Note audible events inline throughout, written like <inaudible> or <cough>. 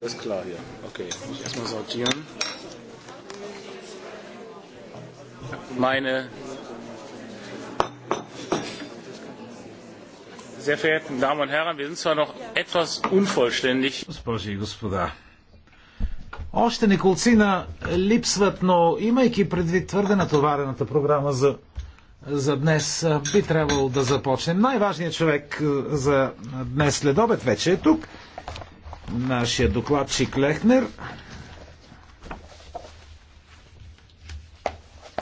Alles klar hier. Okay, muss erstmal sortieren. Meine sehr verehrten Damen und Herren, wir sind zwar noch etwas unvollständig. Госпожи и господа, още неколцина липсват, но имайки предвид твърде натоварената програма за, за днес, би трябвало да започнем. Най-важният човек за днес следобед вече е тук нашия докладчик Лехнер.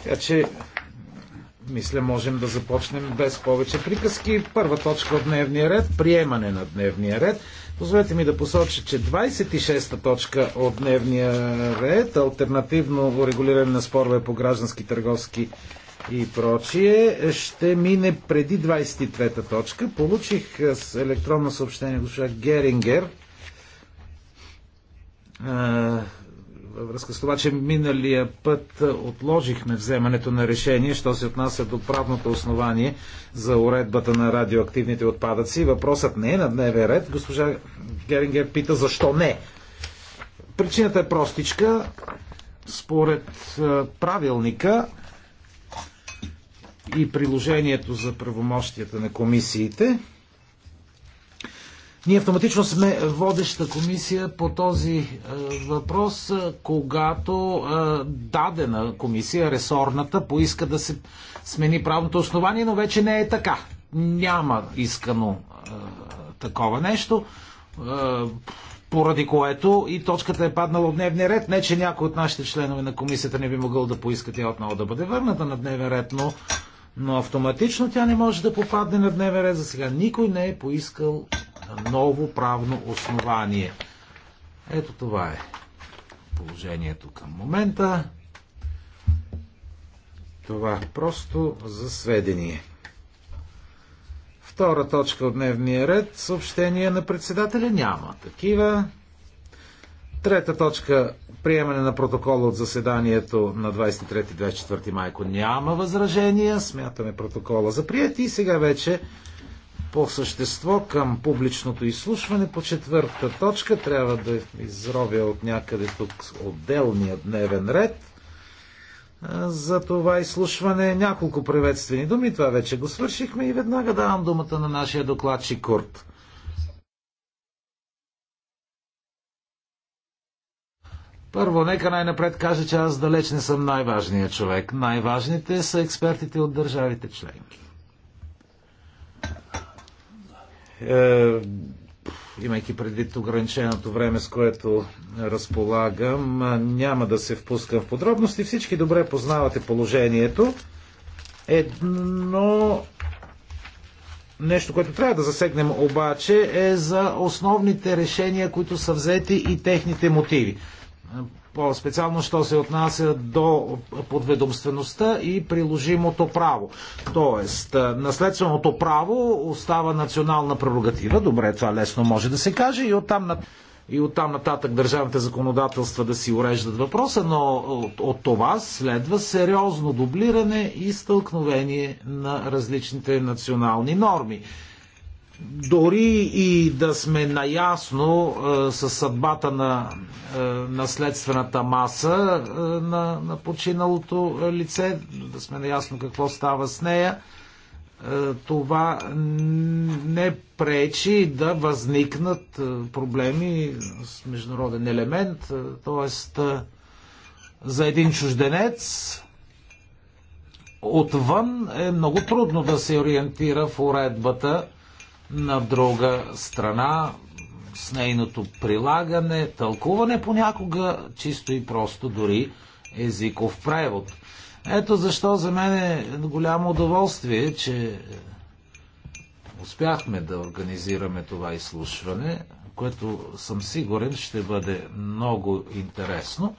Така че, мисля, можем да започнем без повече приказки. Първа точка от дневния ред приемане на дневния ред. Позволете ми да посоча, че 26-та точка от дневния ред альтернативно урегулиране на спорове по граждански, търговски и прочие ще мине преди 23-та точка. Получих е, с електронно съобщение госпожа Герингер, във връзка с това, че миналия път отложихме вземането на решение, що се отнася до правното основание за уредбата на радиоактивните отпадъци. Въпросът не е на дневен ред. Госпожа Герингер пита защо не. Причината е простичка. Според правилника и приложението за правомощията на комисиите, ние автоматично сме водеща комисия по този е, въпрос, е, когато е, дадена комисия, ресорната, поиска да се смени правното основание, но вече не е така. Няма искано такова нещо поради което и точката е паднала от дневния ред. Не, че някой от нашите членове на комисията не би могъл да поиска тя отново да бъде върната на дневен ред, но, но автоматично тя не може да попадне на дневен ред. За сега никой не е поискал ново правно основание. Ето това е положението към момента. Това просто за сведение. Втора точка от дневния ред. Съобщение на председателя няма такива. Трета точка. Приемане на протокола от заседанието на 23-24 майко няма възражения. Смятаме протокола за прият и сега вече по същество към публичното изслушване по четвърта точка. Трябва да изровя от някъде тук отделния дневен ред за това изслушване. Няколко приветствени думи, това вече го свършихме и веднага давам думата на нашия докладчик Курт. Първо, нека най-напред кажа, че аз далеч не съм най-важният човек. Най-важните са експертите от държавите членки. Е, имайки предвид ограниченото време, с което разполагам, няма да се впускам в подробности. Всички добре познавате положението. Едно нещо, което трябва да засегнем обаче е за основните решения, които са взети и техните мотиви по-специално, що се отнася до подведомствеността и приложимото право. Тоест, е, наследственото право остава национална прерогатива. Добре, това лесно може да се каже и оттам на и оттам нататък държавните законодателства да си уреждат въпроса, но от, от това следва сериозно дублиране и стълкновение на различните национални норми дори и да сме наясно е, с съдбата на е, наследствената маса е, на, на починалото лице, да сме наясно какво става с нея, това не пречи да възникнат проблеми с международен елемент, т.е. за един чужденец отвън е много трудно да се ориентира в уредбата на друга страна с нейното прилагане, тълкуване, понякога чисто и просто дори езиков превод. Ето защо за мен е голямо удоволствие, че успяхме да организираме това изслушване, което съм сигурен ще бъде много интересно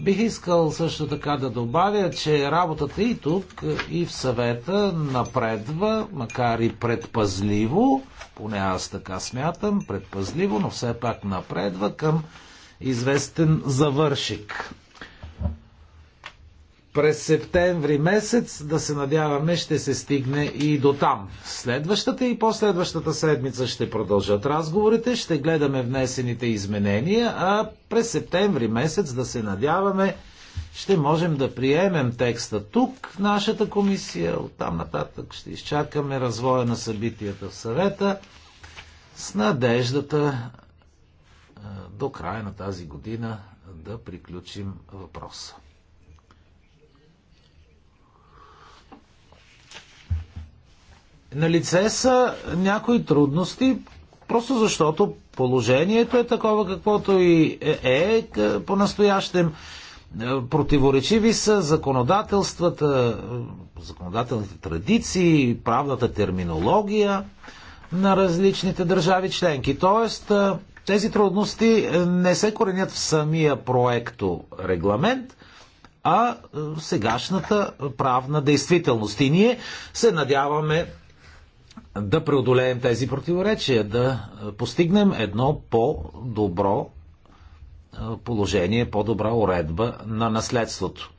Бих искал също така да добавя, че работата и тук, и в съвета напредва, макар и предпазливо, поне аз така смятам, предпазливо, но все пак напредва към известен завършик през септември месец, да се надяваме, ще се стигне и до там. Следващата и последващата седмица ще продължат разговорите, ще гледаме внесените изменения, а през септември месец, да се надяваме, ще можем да приемем текста тук, в нашата комисия, оттам нататък ще изчакаме развоя на събитията в съвета с надеждата до края на тази година да приключим въпроса. На лице са някои трудности, просто защото положението е такова, каквото и е, е, е по-настоящем. Противоречиви са законодателствата, законодателните традиции, правната терминология на различните държави членки. Тоест, тези трудности не се коренят в самия проекто регламент, а в сегашната правна действителност. И ние се надяваме да преодолеем тези противоречия, да постигнем едно по-добро положение, по-добра уредба на наследството.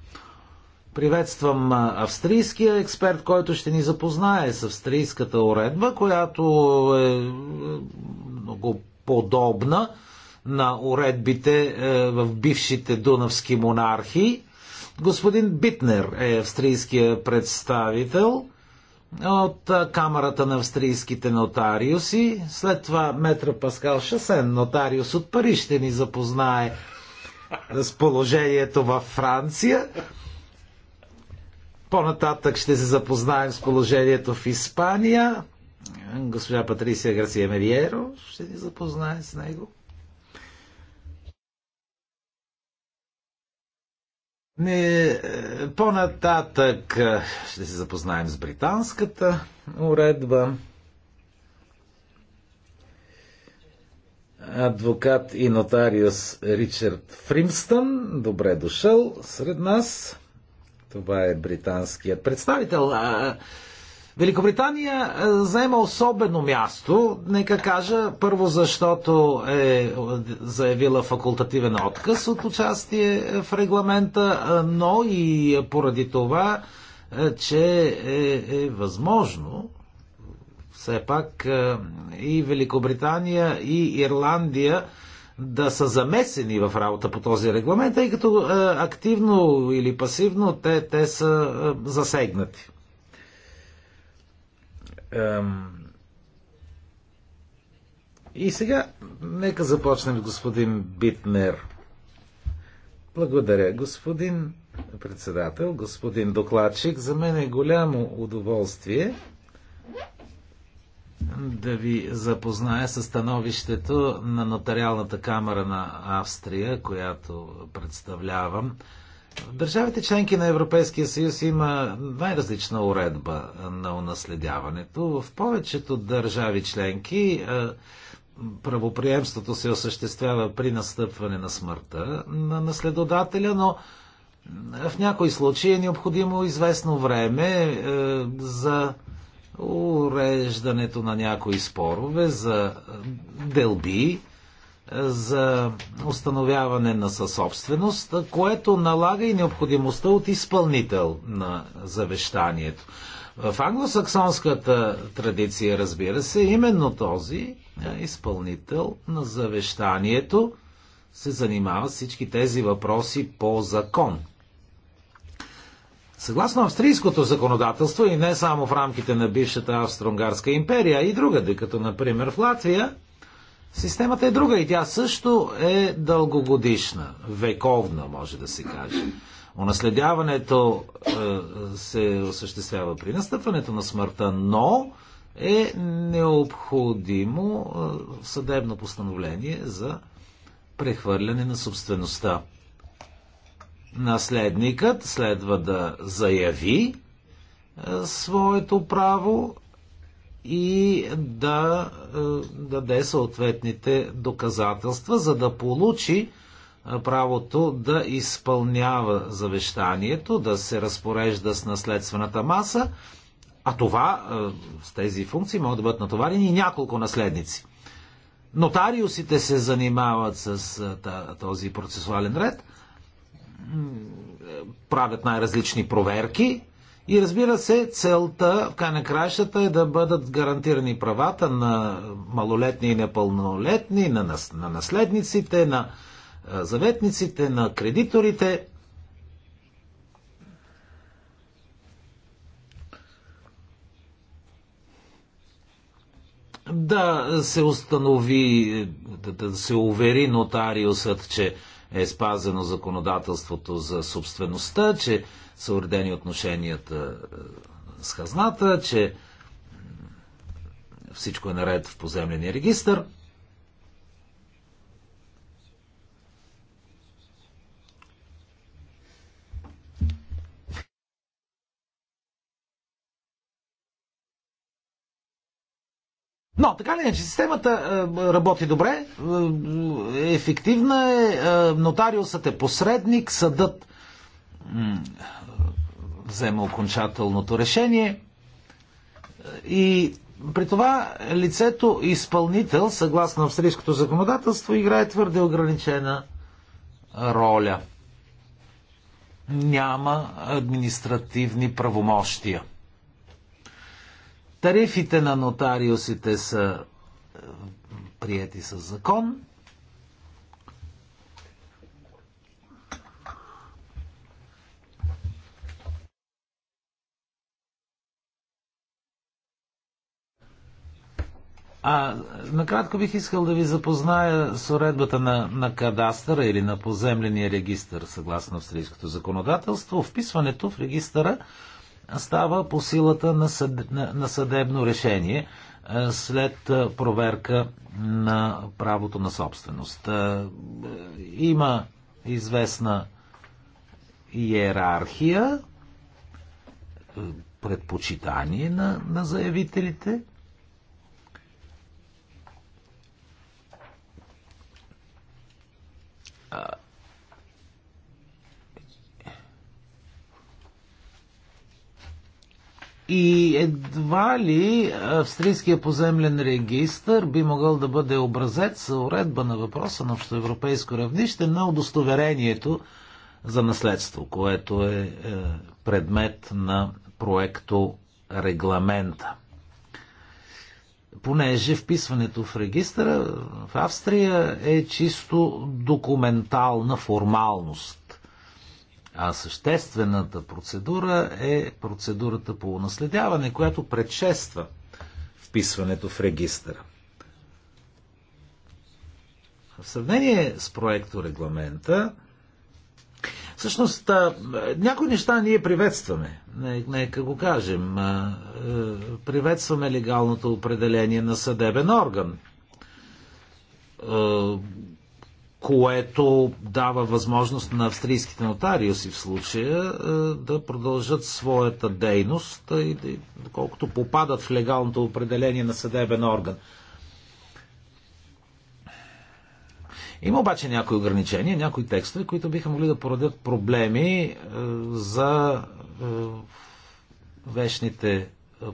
Приветствам австрийския експерт, който ще ни запознае с австрийската уредба, която е, е много подобна на уредбите е, в бившите дунавски монархии. Господин Битнер е австрийския представител – от Камерата на австрийските нотариуси. След това Метро Паскал Шасен, нотариус от Париж, ще ни запознае с положението във Франция. По-нататък ще се запознаем с положението в Испания. Госпожа Патрисия Гарсия Мериеро ще ни запознае с него. Не, е, по-нататък е, ще се запознаем с британската уредба. Адвокат и нотариус Ричард Фримстън, добре дошъл сред нас. Това е британският представител. А, Великобритания е, заема особено място, нека кажа, първо защото е заявила факултативен отказ от участие в регламента, е, но и поради това, е, че е, е възможно все пак и Великобритания, и Ирландия да са замесени в работа по този регламент, тъй като активно или пасивно те, те са засегнати. И сега, нека започнем с господин Битнер. Благодаря, господин председател, господин докладчик. За мен е голямо удоволствие да ви запозная с становището на Нотариалната камера на Австрия, която представлявам. В държавите членки на Европейския съюз има най-различна уредба на унаследяването. В повечето държави членки е, правоприемството се осъществява при настъпване на смъртта на наследодателя, но е, в някои случаи е необходимо известно време е, за уреждането на някои спорове, за делби, за установяване на съсобственост, което налага и необходимостта от изпълнител на завещанието. В англосаксонската традиция, разбира се, именно този е, изпълнител на завещанието се занимава с всички тези въпроси по закон. Съгласно австрийското законодателство и не само в рамките на бившата Австро-Унгарска империя, а и другаде, като например в Латвия, Системата е друга и тя също е дългогодишна, вековна, може да се каже. Унаследяването е, се осъществява при настъпването на смъртта, но е необходимо е, съдебно постановление за прехвърляне на собствеността. Наследникът следва да заяви е, своето право и да е, даде съответните доказателства, за да получи е, правото да изпълнява завещанието, да се разпорежда с наследствената маса, а това е, с тези функции могат да бъдат натоварени и няколко наследници. Нотариусите се занимават с този процесуален ред, правят най-различни проверки, и разбира се, целта в край на краищата е да бъдат гарантирани правата на малолетни и непълнолетни, на, нас, на наследниците, на заветниците, на кредиторите. Да се установи, да, да се увери нотариусът, че е спазено законодателството за собствеността, че са уредени отношенията е, с хазната, че всичко е наред в поземления регистр. Но, така ли че системата е, работи добре, е ефективна е, е нотариусът е посредник, съдът взема окончателното решение. И при това лицето изпълнител, съгласно австрийското законодателство, играе твърде ограничена роля. Няма административни правомощия. Тарифите на нотариусите са е, прияти с закон – А, накратко бих искал да ви запозная с уредбата на, на кадастъра или на поземления регистър, съгласно австрийското законодателство. Вписването в регистъра става по силата на, съд, на, на съдебно решение след проверка на правото на собственост. Има известна иерархия, предпочитание на, на заявителите – И едва ли австрийския поземлен регистр би могъл да бъде образец за уредба на въпроса на общоевропейско равнище на удостоверението за наследство, което е, е предмет на проекто регламента понеже вписването в регистъра в Австрия е чисто документална формалност. А съществената процедура е процедурата по унаследяване, която предшества вписването в регистъра. В сравнение с проекто регламента, Всъщност, някои неща ние приветстваме. Нека го кажем. Е, приветстваме легалното определение на съдебен орган, е, което дава възможност на австрийските нотариуси в случая е, да продължат своята дейност, и, доколкото попадат в легалното определение на съдебен орган. Има обаче някои ограничения, някои текстове, които биха могли да породят проблеми е, за е, вечните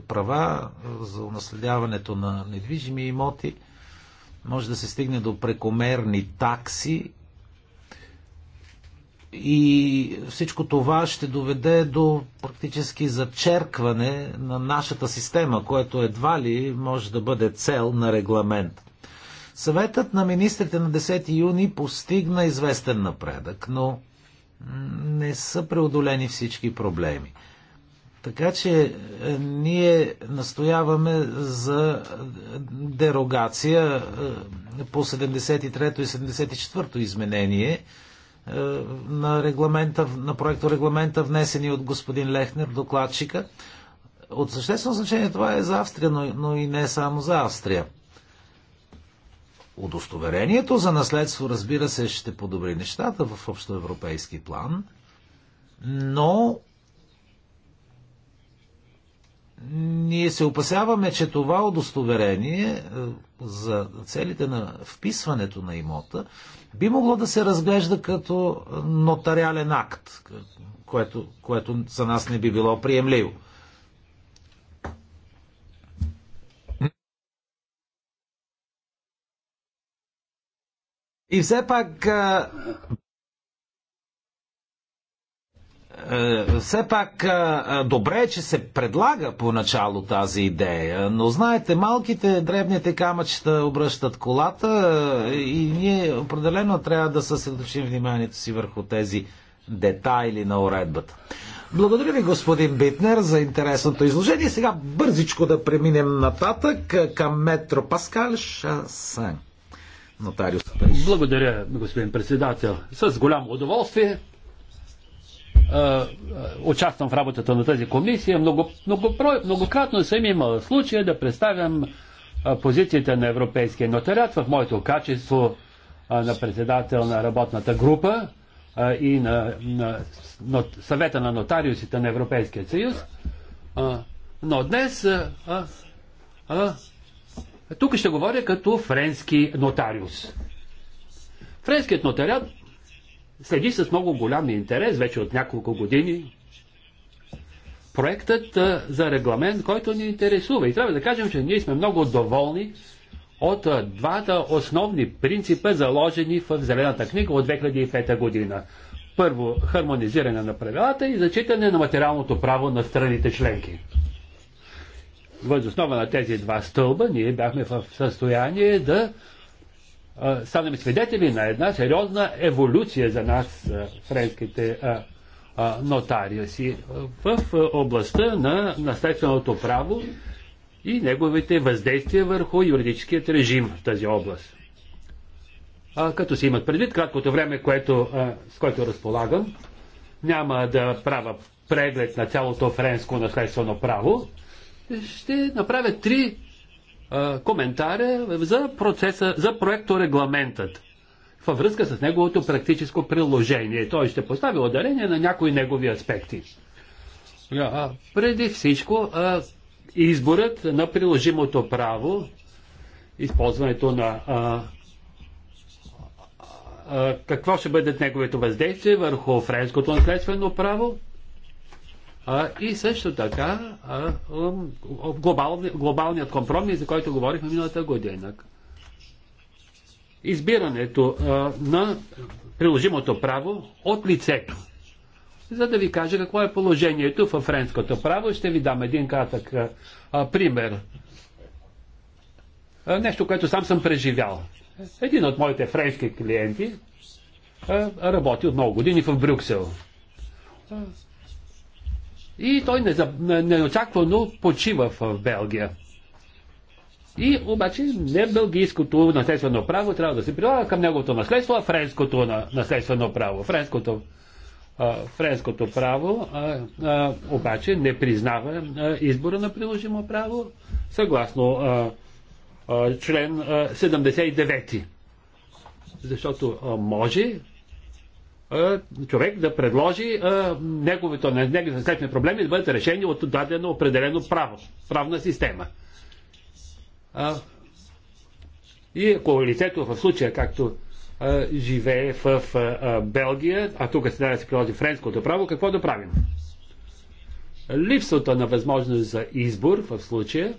права, е, за унаследяването на недвижими имоти. Може да се стигне до прекомерни такси и всичко това ще доведе до практически зачеркване на нашата система, което едва ли може да бъде цел на регламент. Съветът на министрите на 10 юни постигна известен напредък, но не са преодолени всички проблеми. Така че е, ние настояваме за дерогация е, по 73-то и 74-то изменение е, на, регламента, на проекто регламента, внесени от господин Лехнер, докладчика. От съществено значение това е за Австрия, но, но и не само за Австрия. Удостоверението за наследство, разбира се, ще подобри нещата в общоевропейски план, но ние се опасяваме, че това удостоверение е, за целите на вписването на имота би могло да се разглежда като нотариален акт, което, което за нас не би било приемливо. И все пак все пак добре е, че се предлага поначало тази идея, но знаете, малките дребните камъчета обръщат колата и ние определено трябва да съсредоточим вниманието си върху тези детайли на уредбата. Благодаря ви, господин Битнер, за интересното изложение. Сега бързичко да преминем нататък към метро Паскал Шасен нотариус. Благодаря, господин председател. С голямо удоволствие участвам в работата на тази комисия. Много, много, многократно съм имал случая да представям позицията на Европейския нотариат в моето качество на председател на работната група и на, на, на съвета на нотариусите на Европейския съюз. Но днес а, а, тук ще говоря като френски нотариус. Френският нотариат следи с много голям интерес вече от няколко години проектът за регламент, който ни интересува. И трябва да кажем, че ние сме много доволни от двата основни принципа, заложени в Зелената книга от 2005 година. Първо, хармонизиране на правилата и зачитане на материалното право на страните членки възоснова на тези два стълба ние бяхме в състояние да станем свидетели на една сериозна еволюция за нас, френските нотариуси, в областта на наследственото право и неговите въздействия върху юридическият режим в тази област. А, като се имат предвид краткото време, което, а, с което разполагам, няма да правя преглед на цялото френско наследствено право, ще направя три а, коментаря за процеса, за проекторегламентът във връзка с неговото практическо приложение. Той ще постави ударение на някои негови аспекти. А, преди всичко, а, изборът на приложимото право, използването на а, а, какво ще бъдат неговите въздействия върху френското наследствено право, а, и също така а, глобални, глобалният компромис, за който говорихме миналата година. Избирането а, на приложимото право от лицето. За да ви кажа какво е положението в френското право, ще ви дам един кратък а, пример. А, нещо, което сам съм преживял. Един от моите френски клиенти а, работи от много години в Брюксел и той неочаквано почива в Белгия. И обаче не белгийското наследствено право трябва да се прилага към неговото наследство, а френското наследствено право. Френското, а, френското право а, а, обаче не признава а, избора на приложимо право съгласно а, а, член а, 79. Защото а, може човек да предложи неговите, неговите наследствени проблеми да бъдат решени от дадено определено право, правна система. И ако лицето в случая, както живее в Белгия, а тук се да се приложи френското право, какво да правим? Липсата на възможност за избор в случая,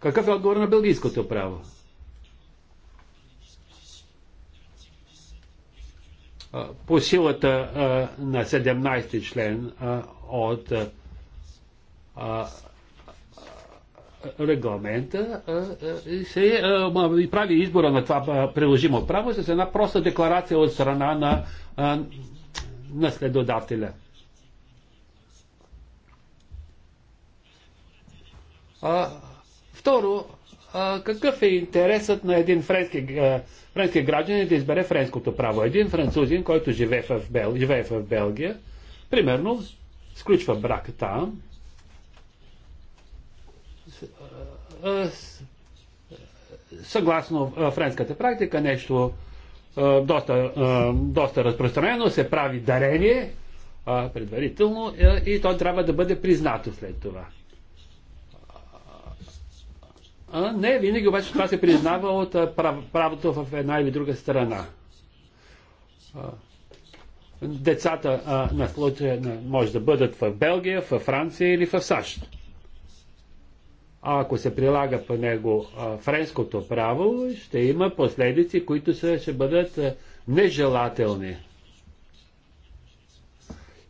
какъв е отговор на белгийското право? по силата на 17 член от регламента се прави избора на това приложимо право с една проста декларация от страна на наследодателя. второ, какъв е интересът на един френски, френски гражданин да избере френското право? Един французин, който живее в, Бел, живее в Белгия, примерно, сключва брак там, съгласно френската практика, нещо доста, доста разпространено, се прави дарение предварително и то трябва да бъде признато след това. А, не, винаги обаче това се признава от прав, правото в една или друга страна. А, децата а, на случая може да бъдат в Белгия, в Франция или в САЩ. А ако се прилага по него а, френското право, ще има последици, които са, ще бъдат а, нежелателни.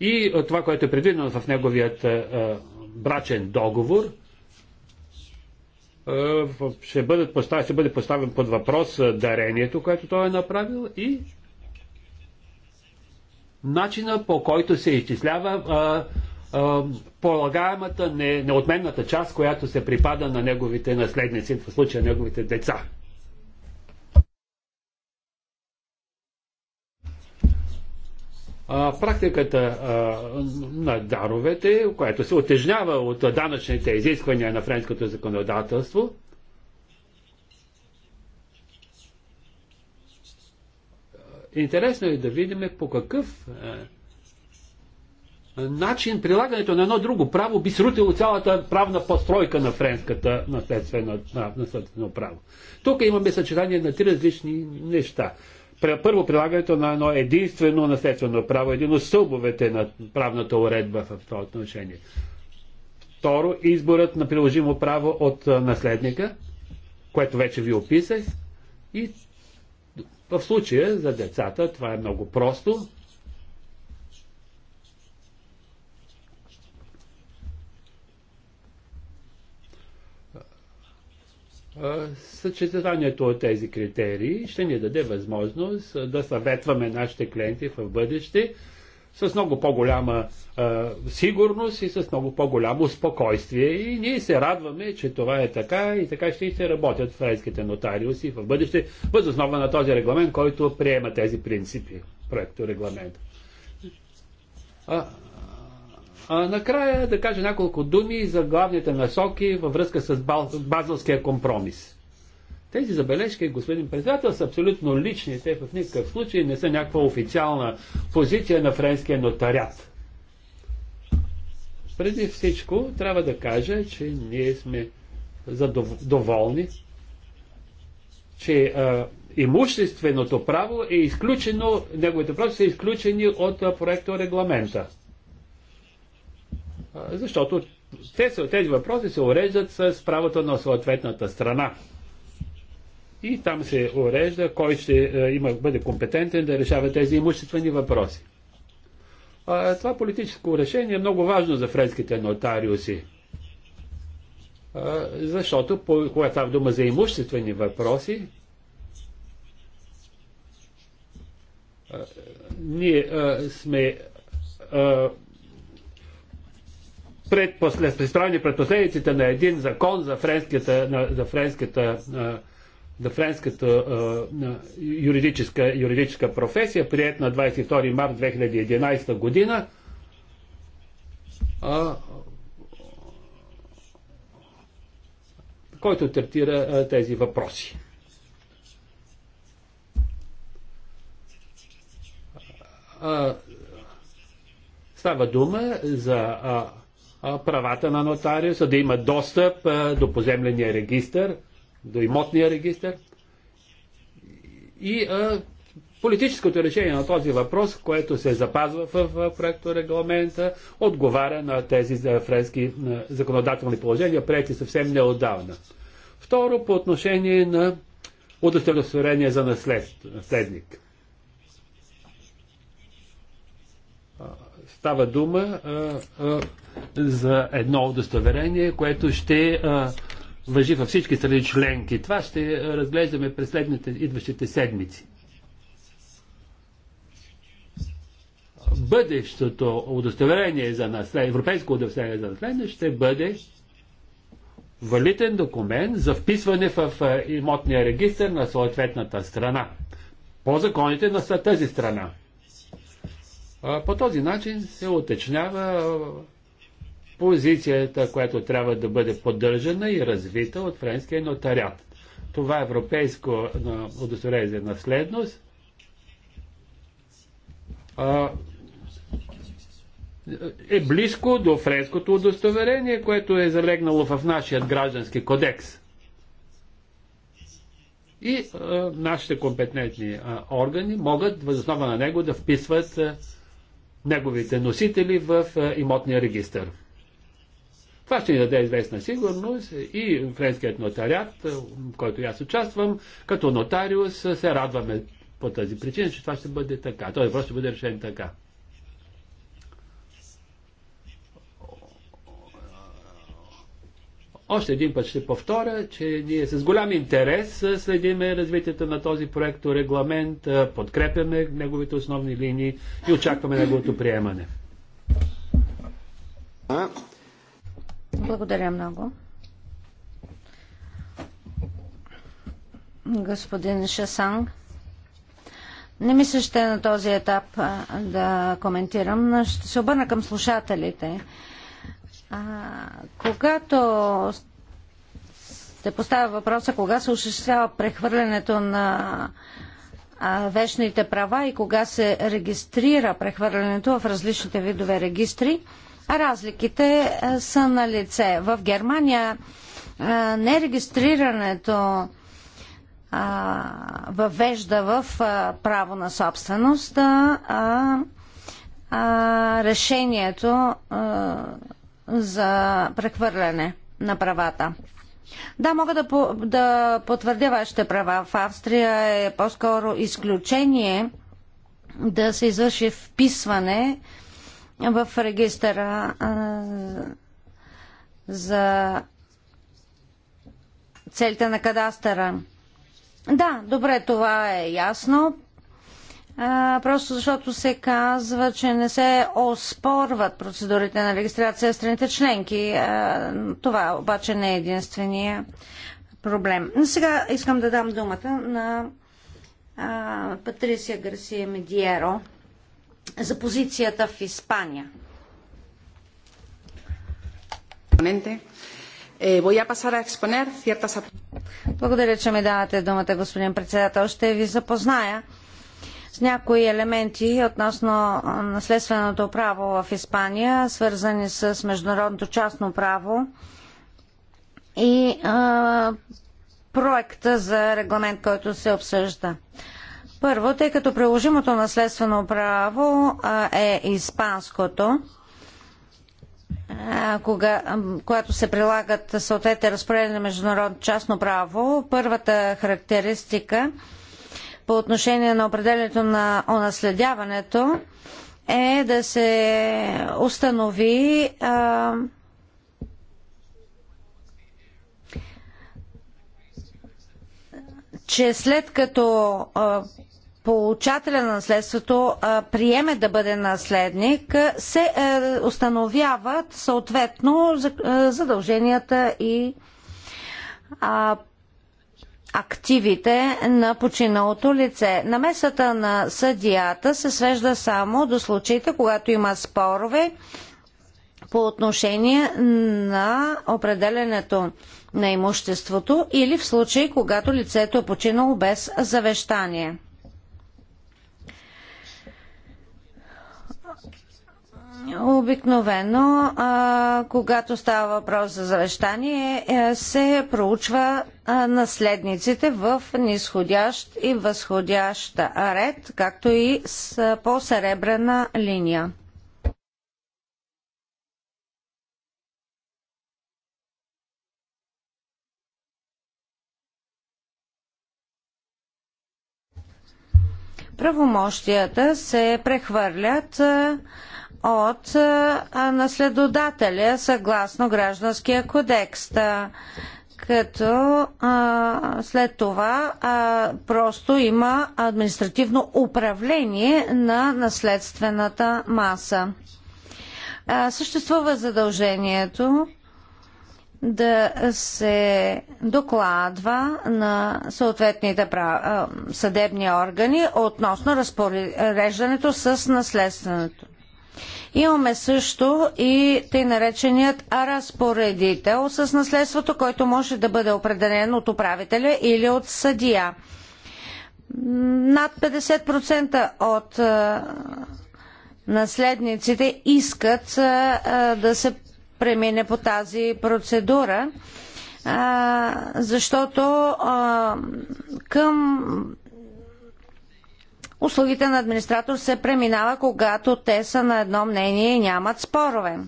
И а, това, което е предвидено в неговият а, брачен договор, е, ще, бъде поставен, ще бъде поставен под въпрос е, дарението, което той е направил и начина по който се изчислява а, е, а, полагаемата не, неотменната част, която се припада на неговите наследници, в случая неговите деца. а, практиката а, на даровете, която се отежнява от данъчните изисквания на френското законодателство, Интересно е да видим по какъв начин прилагането на едно друго право би срутило цялата правна постройка на френската наследствено на, на право. Тук имаме съчетание на три различни неща първо прилагането на едно единствено наследствено право, един от стълбовете на правната уредба в това отношение. Второ, изборът на приложимо право от наследника, което вече ви описах. И в случая за децата това е много просто. съчетанието от тези критерии ще ни даде възможност да съветваме нашите клиенти в бъдеще с много по-голяма сигурност и с много по-голямо спокойствие. И ние се радваме, че това е така и така ще, се работят френските нотариуси в бъдеще, въз основа на този регламент, който приема тези принципи, проекто регламент. А, а, накрая да кажа няколко думи за главните насоки във връзка с базовския компромис. Тези забележки, господин председател, са абсолютно лични. Те в никакъв случай не са някаква официална позиция на френския нотарят. Преди всичко трябва да кажа, че ние сме задоволни, че а, имущественото право е изключено, неговите права са изключени от проекта регламента. Защото тези, тези въпроси се уреждат с правото на съответната страна. И там се урежда кой ще е, има, бъде компетентен да решава тези имуществени въпроси. А, това политическо решение е много важно за френските нотариуси. А, защото, по, когато става дума за имуществени въпроси, а, ние а, сме а, пред, послед, изправени пред последиците на един закон за френската, за френската, за френската юридическа, юридическа професия, прият на 22 март 2011 година. който третира тези въпроси. Става дума за правата на нотариуса, да има достъп до поземления регистр, до имотния регистр. И Политическото решение на този въпрос, което се запазва в проекто регламента, отговаря на тези френски законодателни положения, прияти съвсем неодавна. Второ, по отношение на удостоверение за наслед, наследник. Става дума а, а, за едно удостоверение, което ще въжи във всички страни членки. Това ще разглеждаме през следните идващите седмици. Бъдещото удостоверение за наследие, европейско удостоверение за наследие ще бъде валитен документ за вписване в имотния регистр на съответната страна. По законите на тази страна. По този начин се уточнява позицията, която трябва да бъде поддържана и развита от френския нотарят. Това европейско удостоверение за наследност а, е близко до френското удостоверение, което е залегнало в нашия граждански кодекс. И а, нашите компетентни а, органи могат възоснова на него да вписват а, неговите носители в а, имотния регистр. Това ще ни даде известна сигурност и френският нотариат, в който аз участвам, като нотариус се радваме по тази причина, че това ще бъде така. Той просто ще бъде решен така. Още един път ще повторя, че ние с голям интерес следиме развитието на този проект регламент, подкрепяме неговите основни линии и очакваме неговото приемане. Благодаря много. Господин Шасанг, не мисля, ще на този етап да коментирам. но Ще се обърна към слушателите. А, когато се поставя въпроса кога се осъществява прехвърлянето на вечните права и кога се регистрира прехвърлянето в различните видове регистри, разликите е, са на лице. В Германия е, нерегистрирането въвежда в е, право на собственост а, а, решението а, за прехвърляне на правата. Да, мога да, по, да потвърдя вашите права. В Австрия е по-скоро изключение да се извърши вписване а, в регистъра за целите на кадастъра. Да, добре, това е ясно. просто защото се казва, че не се оспорват процедурите на регистрация в страните членки. това обаче не е единствения проблем. Но сега искам да дам думата на Патрисия Гарсия Медиеро за позицията в Испания. Eh, Благодаря, че ми давате думата, господин председател. Ще ви запозная с някои елементи относно наследственото право в Испания, свързани с международното частно право и а, проекта за регламент, който се обсъжда. Първо, тъй като приложимото наследствено право е испанското, кога, когато се прилагат съответните разпоредби на международно частно право, първата характеристика по отношение на определението на унаследяването е да се установи а, че след като получателя на наследството приеме да бъде наследник, се е, установяват съответно е, задълженията и активите на починалото лице. Намесата на съдията се свежда само до случаите, когато има спорове по отношение на определенето на имуществото или в случай, когато лицето е починало без завещание. Обикновено, когато става въпрос за завещание, е, се проучва наследниците в нисходящ и възходящ ред, както и с по серебрена линия. правомощията се прехвърлят е, от е, наследодателя съгласно гражданския кодекс. Като а, е, след това а, просто има административно управление на наследствената маса. А, съществува задължението да се докладва на съответните съдебни органи относно разпореждането с наследственото. Имаме също и тъй нареченият разпоредител с наследството, който може да бъде определен от управителя или от съдия. Над 50% от наследниците искат да се премине по тази процедура, защото към услугите на администратор се преминава, когато те са на едно мнение и нямат спорове.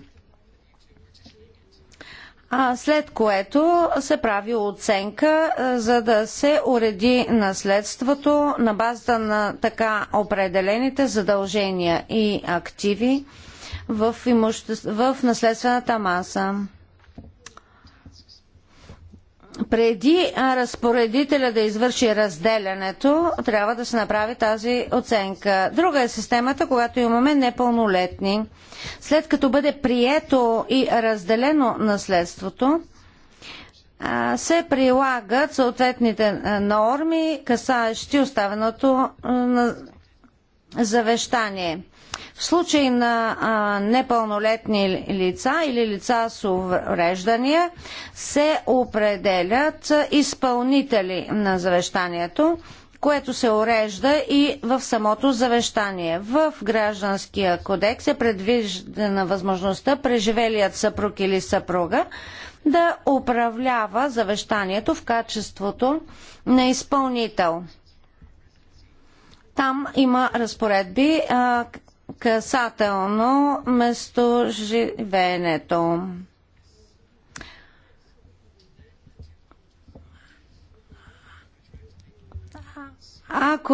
След което се прави оценка, за да се уреди наследството на базата на така определените задължения и активи в, имуще... в наследствената маса. Преди разпоредителя да извърши разделянето, трябва да се направи тази оценка. Друга е системата, когато имаме непълнолетни. След като бъде прието и разделено наследството, се прилагат съответните норми, касаещи оставеното завещание. В случай на а, непълнолетни лица или лица с увреждания се определят изпълнители на завещанието, което се урежда и в самото завещание. В Гражданския кодекс е предвиждана възможността преживелият съпруг или съпруга да управлява завещанието в качеството на изпълнител. Там има разпоредби, касателно живеенето. Ако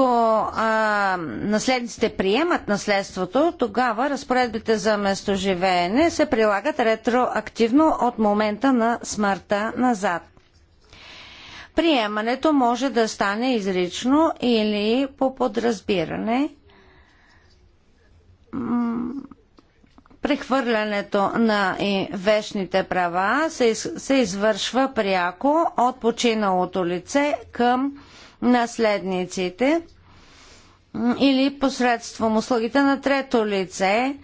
а, наследниците приемат наследството, тогава разпоредбите за местоживеене се прилагат ретроактивно от момента на смъртта назад. Приемането може да стане изрично или по подразбиране – прехвърлянето на вечните права се, се извършва пряко от починалото лице към наследниците или посредством услугите на трето лице,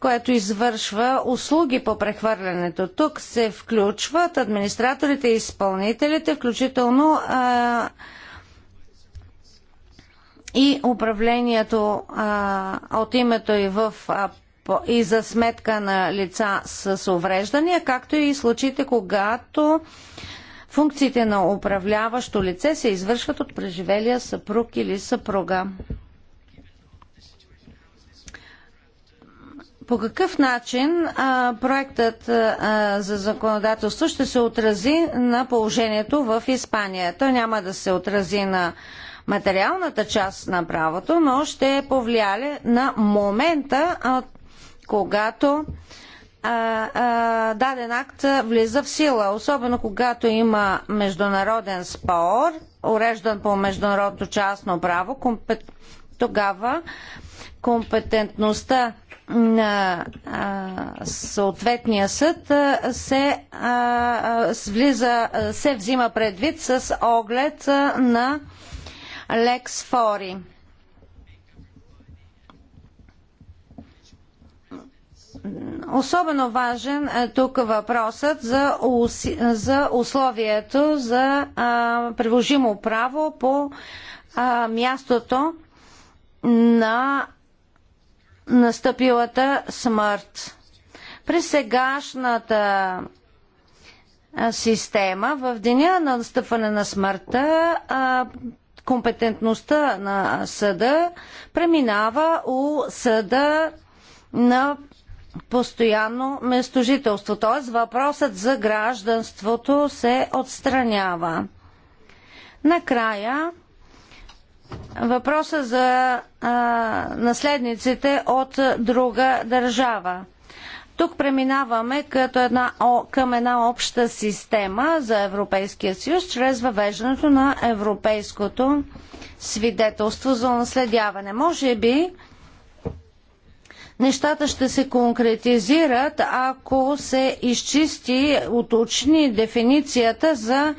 което извършва услуги по прехвърлянето. Тук се включват администраторите и изпълнителите, включително а, и управлението а, от името и в а, по, и за сметка на лица с увреждания, както и случаите, когато функциите на управляващо лице се извършват от преживелия съпруг или съпруга. По какъв начин а, проектът а, за законодателство ще се отрази на положението в Испания? Той няма да се отрази на а, материалната част на правото, но ще е повлияли на момента, когато а, а, даден акт влиза в сила, особено когато има международен спор, уреждан по международното частно право, компет... тогава компетентността на а, съответния съд се, а, влиза, се взима предвид с оглед на Лекс Особено важен е тук въпросът за, условието за приложимо право по мястото на настъпилата смърт. При сегашната система в деня на настъпване на смъртта компетентността на съда преминава у съда на постоянно местожителство. Т.е. въпросът за гражданството се отстранява. Накрая, въпроса за а, наследниците от друга държава. Тук преминаваме като една, о, към една обща система за Европейския съюз, чрез въвеждането на европейското свидетелство за наследяване. Може би нещата ще се конкретизират, ако се изчисти, уточни дефиницията за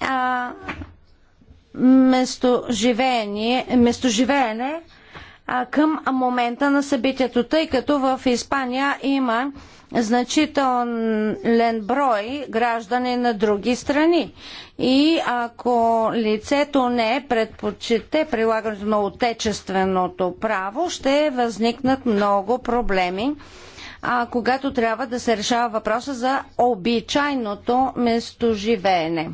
а, местоживеене, местоживеене към момента на събитието, тъй като в Испания има значителен брой граждани на други страни. И ако лицето не предпочете прилагането на отечественото право, ще възникнат много проблеми, а, когато трябва да се решава въпроса за обичайното местоживеене.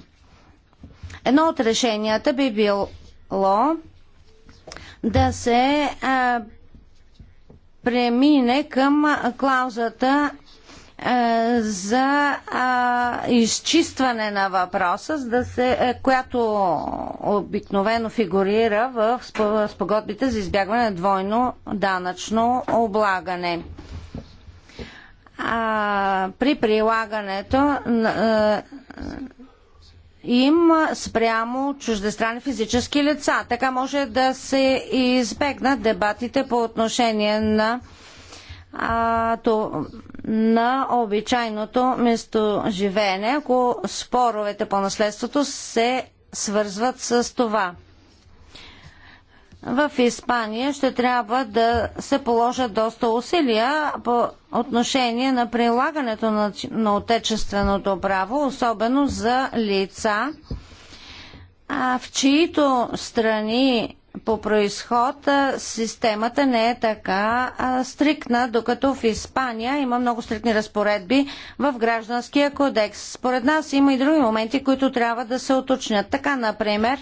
Едно от решенията би било да се а, премине към клаузата а, за а, изчистване на въпроса, да се, която обикновено фигурира в спогодбите за избягване на двойно данъчно облагане. А, при прилагането а, им спрямо чуждестранни физически лица. Така може да се избегнат дебатите по отношение на, а, то, на обичайното местоживеене, ако споровете по наследството се свързват с това в Испания ще трябва да се положат доста усилия по отношение на прилагането на, на отечественото право, особено за лица, а в чието страни по происход системата не е така а, стрикна, докато в Испания има много стрикни разпоредби в гражданския кодекс. Според нас има и други моменти, които трябва да се уточнят. Така, например,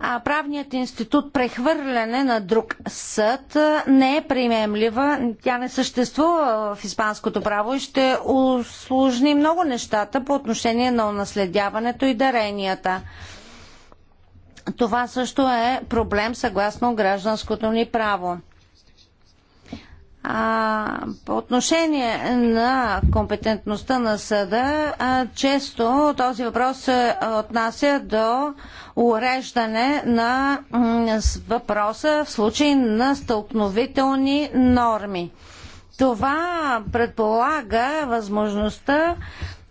а правният институт прехвърляне на друг съд не е приемлива. Тя не съществува в испанското право и ще усложни много нещата по отношение на унаследяването и даренията. Това също е проблем съгласно гражданското ни право. А, по отношение на компетентността на съда, а, често този въпрос се отнася до уреждане на въпроса в случай на стълкновителни норми. Това предполага възможността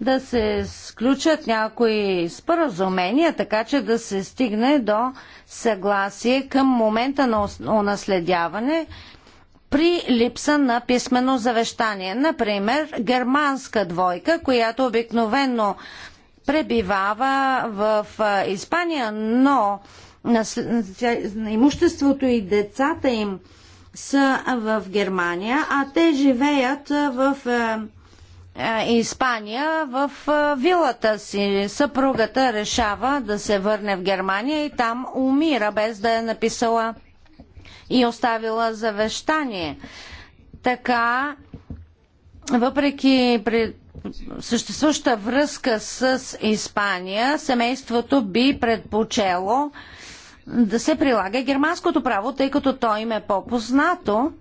да се сключат някои споразумения, така че да се стигне до съгласие към момента на унаследяване, при липса на писмено завещание. Например, германска двойка, която обикновено пребивава в Испания, но имуществото и децата им са в Германия, а те живеят в Испания в вилата си. Съпругата решава да се върне в Германия и там умира, без да е написала и оставила завещание. Така, въпреки при съществуваща връзка с Испания, семейството би предпочело да се прилага германското право, тъй като то им е по-познато.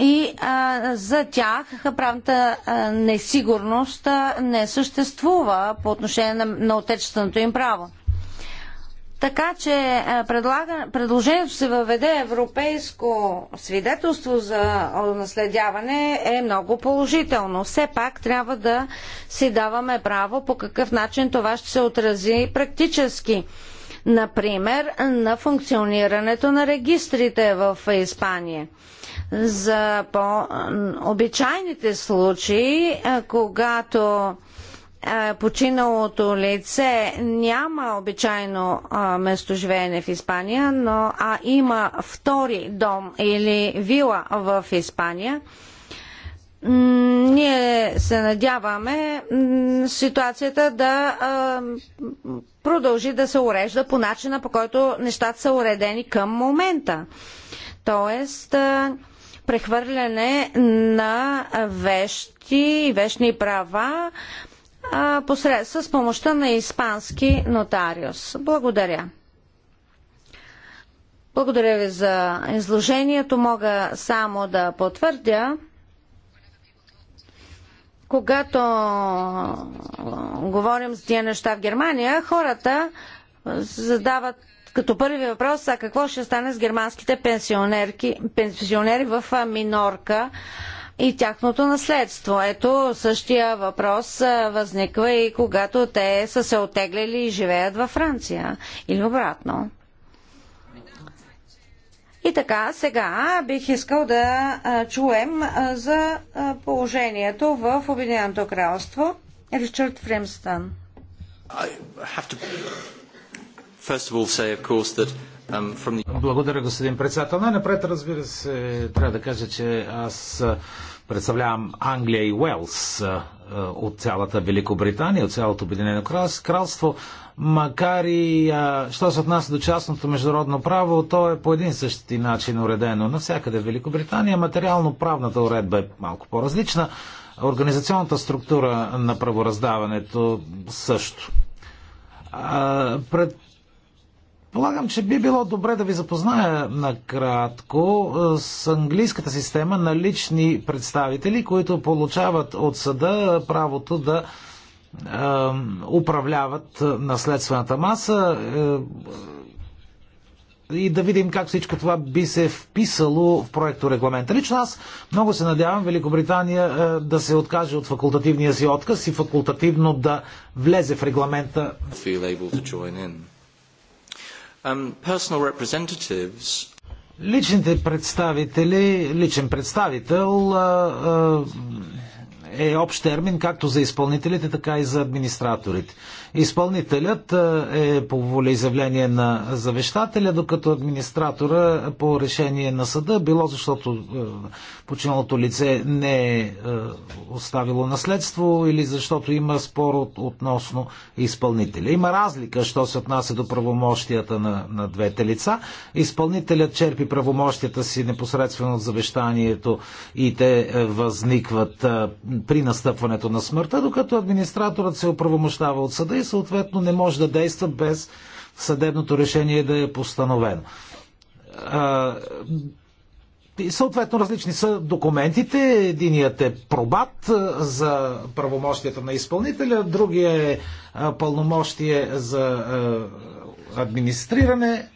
И а, за тях правната а, несигурност а, не съществува по отношение на, на отечественото им право. Така че е, предлага, предложението се въведе европейско свидетелство за наследяване е много положително. Все пак трябва да си даваме право по какъв начин това ще се отрази практически. Например, на функционирането на регистрите в Испания. За по-обичайните случаи, е, когато е, починалото лице няма обичайно е, местоживеене в Испания, но а има втори дом или вила в Испания, ние се надяваме ситуацията да е, продължи да се урежда по начина, по който нещата са уредени към момента. Тоест, прехвърляне на вещи и вещни права посред, с помощта на испански нотариус. Благодаря. Благодаря ви за изложението. Мога само да потвърдя, когато говорим за тия неща в Германия, хората задават като първи въпрос, а какво ще стане с германските пенсионери в минорка? и тяхното наследство. Ето същия въпрос възниква и когато те са се отеглили и живеят във Франция или обратно. И така, сега бих искал да чуем за положението в Обединеното кралство. Ричард Фримстън. Um, Благодаря, господин председател. Най-напред, разбира се, трябва да кажа, че аз представлявам Англия и Уелс от цялата Великобритания, от цялото Обединено кралство. Макар и, а, що се отнася до частното международно право, то е по един същи начин уредено навсякъде в Великобритания. Материално-правната уредба е малко по-различна. Организационната структура на правораздаването също. А, пред Полагам, че би било добре да ви запозная накратко е, с английската система на лични представители, които получават от съда правото да е, управляват наследствената маса е, и да видим как всичко това би се вписало в проекто регламента. Лично аз много се надявам Великобритания да се откаже от факултативния си отказ и факултативно да влезе в регламента. Um, Личните представители, личен представител е общ термин както за изпълнителите, така и за администраторите. Изпълнителят е по волеизявление на завещателя, докато администратора по решение на съда, било защото починалото лице не е оставило наследство или защото има спор относно изпълнителя. Има разлика, що се отнася до правомощията на, на двете лица. Изпълнителят черпи правомощията си непосредствено от завещанието и те възникват при настъпването на смъртта, докато администраторът се оправомощава от съда и съответно не може да действа без съдебното решение да е постановено. И съответно различни са документите. Единият е пробат за правомощията на изпълнителя, другия е пълномощие за администриране.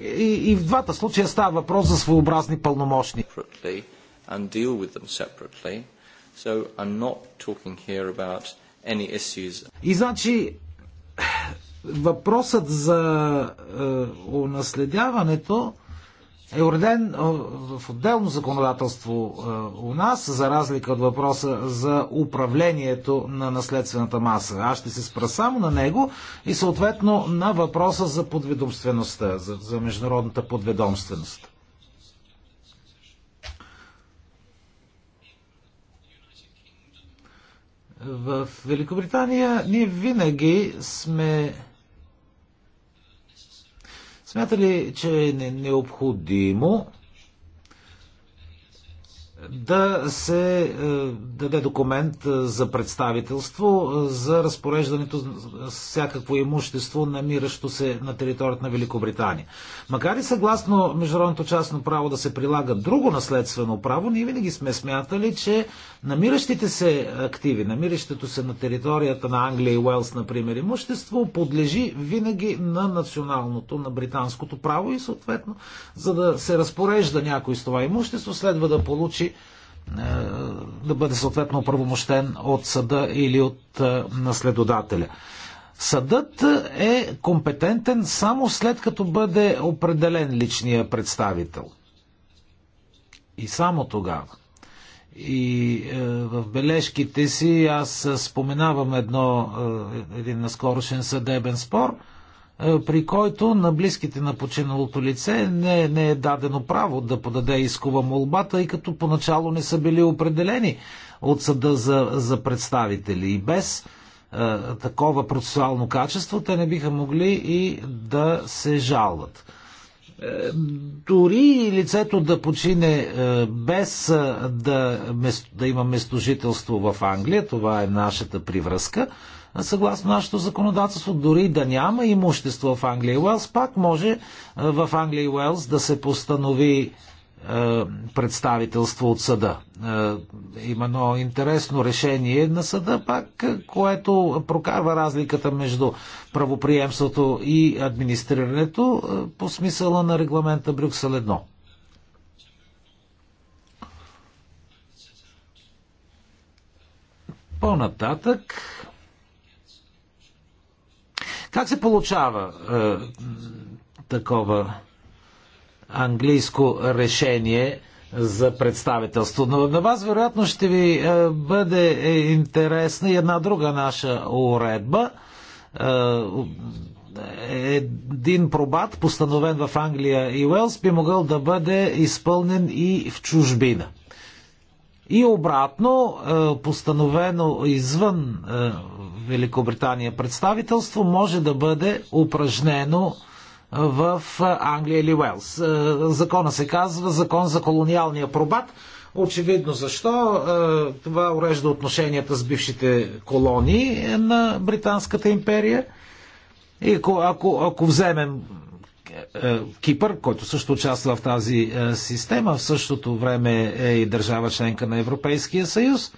И, и в двата случая става въпрос за своеобразни пълномощни. and deal with them separately So I'm not talking here about any issues. И значи въпросът за е, унаследяването е уреден е, в отделно законодателство е, у нас, за разлика от въпроса за управлението на наследствената маса. Аз ще се спра само на него и съответно на въпроса за подведомствеността, за, за международната подведомственост. В Великобритания ние винаги сме смятали, че е необходимо да се е, даде документ е, за представителство е, за разпореждането с всякакво имущество, намиращо се на територията на Великобритания. Макар и съгласно международното частно право да се прилага друго наследствено право, ние винаги сме смятали, че намиращите се активи, намиращото се на територията на Англия и Уелс, например, имущество, подлежи винаги на националното, на британското право и съответно, за да се разпорежда някой с това имущество, следва да получи е, да бъде съответно правомощен от съда или от е, наследодателя. Съдът е компетентен само след като бъде определен личния представител. И само тогава. И е, в бележките си аз споменавам едно, е, един наскорошен съдебен спор – е, при който на близките на починалото лице не, не е дадено право да подаде искова молба, тъй като поначало не са били определени от съда за, за представители. И без е, такова процесуално качество те не биха могли и да се жалват. Е, дори лицето да почине е, без да, да има местожителство в Англия, това е нашата привръзка, съгласно нашето законодателство, дори да няма имущество в Англия и Уелс, пак може е, в Англия и Уелс да се постанови е, представителство от съда. Е, Има едно интересно решение на съда, пак, което прокарва разликата между правоприемството и администрирането по смисъла на регламента Брюксел 1. По-нататък как се получава е, такова английско решение за представителство? Но на вас, вероятно, ще ви е, бъде е, интересна и една друга наша уредба. Е, е, един пробат, постановен в Англия и Уелс, би могъл да бъде изпълнен и в чужбина. И обратно, е, постановено извън е, Великобритания представителство може да бъде упражнено в е, Англия или Уелс. Закона се казва Закон за колониалния пробат. Очевидно защо. Това урежда отношенията с бившите колонии на Британската империя. И ако, ако, ако вземем е, е, Кипър, който също участва в тази е, система, в същото време е и държава членка на Европейския съюз.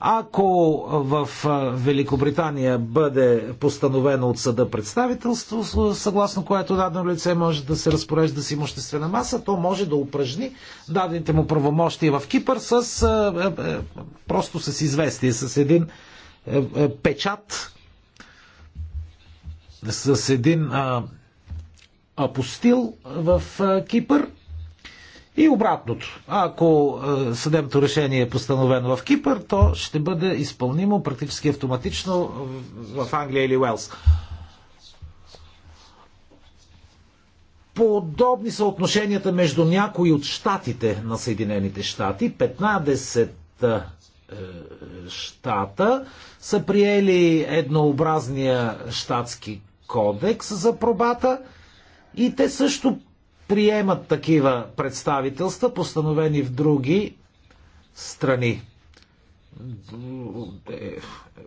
Ако в Великобритания бъде постановено от съда представителство, съгласно което дадено лице може да се разпорежда с имуществена маса, то може да упражни дадените му правомощия в Кипър с, просто с известие, с един печат, с един апостил в Кипър и обратното. Ако съдебното решение е постановено в Кипър, то ще бъде изпълнимо практически автоматично в Англия или Уелс. Подобни са отношенията между някои от щатите на Съединените щати. 15 е, щата са приели еднообразния щатски кодекс за пробата – и те също приемат такива представителства, постановени в други страни.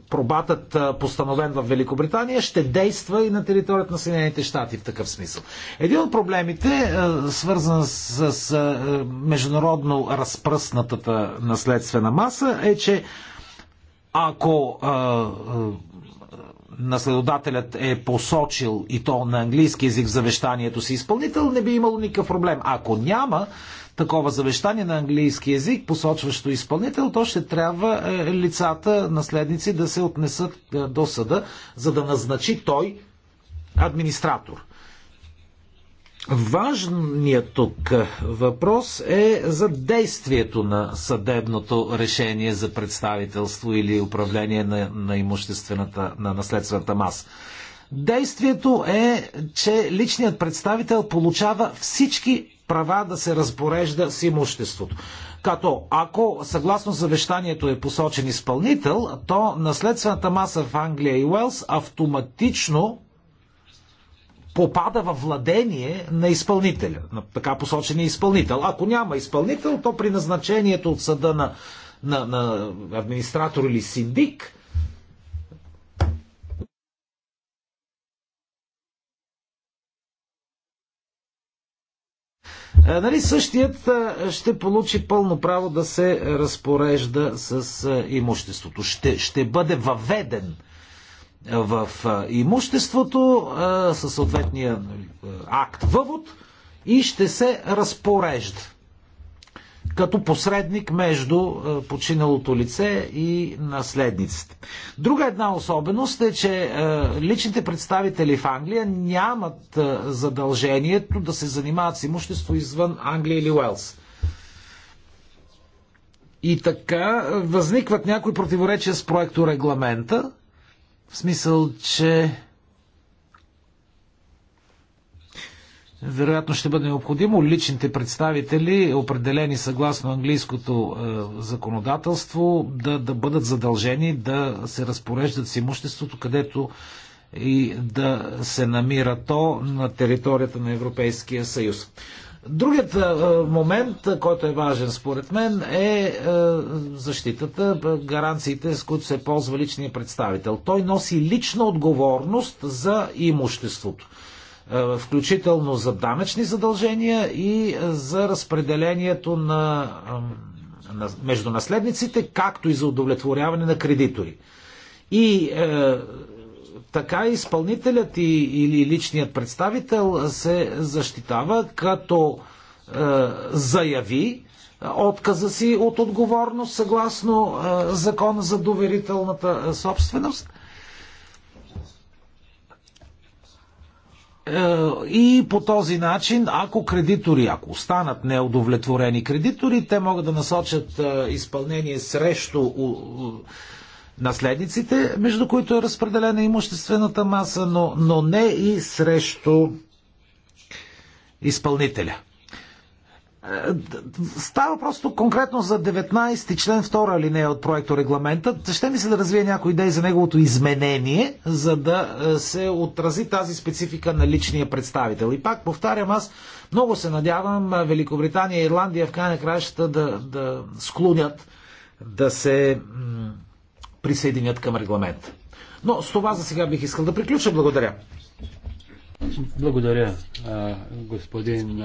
Пробатът, постановен в Великобритания, ще действа и на територията на Съединените щати в такъв смисъл. Един от проблемите, свързан с международно разпръснатата наследствена маса, е, че ако наследодателят е посочил и то на английски язик завещанието си изпълнител, не би имало никакъв проблем. Ако няма такова завещание на английски язик, посочващо изпълнител, то ще трябва е, лицата, наследници да се отнесат е, до съда, за да назначи той администратор. Важният тук въпрос е за действието на съдебното решение за представителство или управление на, на имуществената, на наследствената маса. Действието е, че личният представител получава всички права да се разпорежда с имуществото. Като ако съгласно завещанието е посочен изпълнител, то наследствената маса в Англия и Уелс автоматично попада във владение на изпълнителя, на така посочения изпълнител. Ако няма изпълнител, то при назначението от съда на, на, на администратор или синдик, е, нали, същият е, ще получи пълно право да се разпорежда с е, имуществото. Ще, ще бъде въведен в имуществото със съответния акт въвод и ще се разпорежда като посредник между починалото лице и наследниците. Друга една особеност е, че личните представители в Англия нямат задължението да се занимават с имущество извън Англия или Уелс. И така възникват някои противоречия с проекто регламента, в смисъл, че вероятно ще бъде необходимо личните представители, определени съгласно английското е, законодателство, да, да бъдат задължени да се разпореждат с имуществото, където и да се намира то на територията на Европейския съюз. Другият е, момент, който е важен според мен, е, е защитата, е, гаранциите, с които се ползва личния представител. Той носи лична отговорност за имуществото, включително за данъчни задължения и за разпределението на, на между наследниците, както и за удовлетворяване на кредитори. И така изпълнителят и, или личният представител се защитава като е, заяви е, отказа си от отговорност съгласно е, закона за доверителната е, собственост. Е, и по този начин, ако кредитори, ако останат неудовлетворени кредитори, те могат да насочат изпълнение срещу наследниците, между които е разпределена имуществената маса, но, но не и срещу изпълнителя. Е, става просто конкретно за 19 ти член 2 алинея от проекто регламента. Ще ми се да развие някои идеи за неговото изменение, за да е, се отрази тази специфика на личния представител. И пак повтарям, аз много се надявам е, Великобритания и Ирландия в крайна краща да, да склонят да се присъединят към регламент. Но с това за сега бих искал да приключа. Благодаря. Благодаря, господин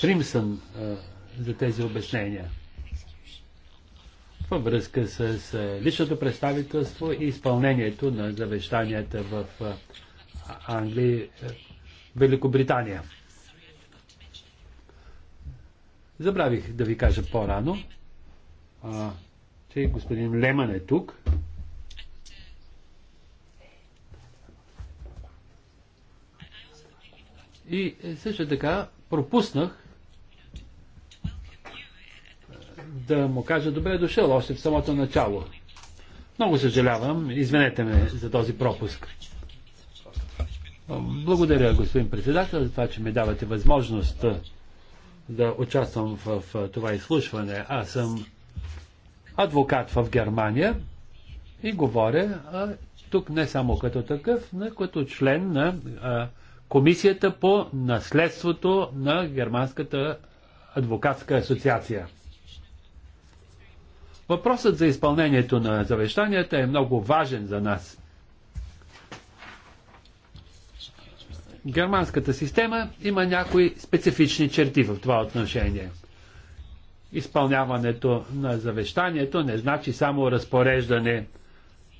Фримсън за тези обяснения във връзка с личното представителство и изпълнението на завещанията в Англия, Великобритания. Забравих да ви кажа по-рано, че господин Леман е тук. И е, също така пропуснах е, да му кажа добре е дошъл още в самото начало. Много съжалявам, извинете ме за този пропуск. Благодаря, господин председател, за това, че ми давате възможност да участвам в, в това изслушване. Аз съм адвокат в Германия и говоря а, тук не само като такъв, но като член на а, Комисията по наследството на Германската адвокатска асоциация. Въпросът за изпълнението на завещанията е много важен за нас. германската система има някои специфични черти в това отношение. Изпълняването на завещанието не значи само разпореждане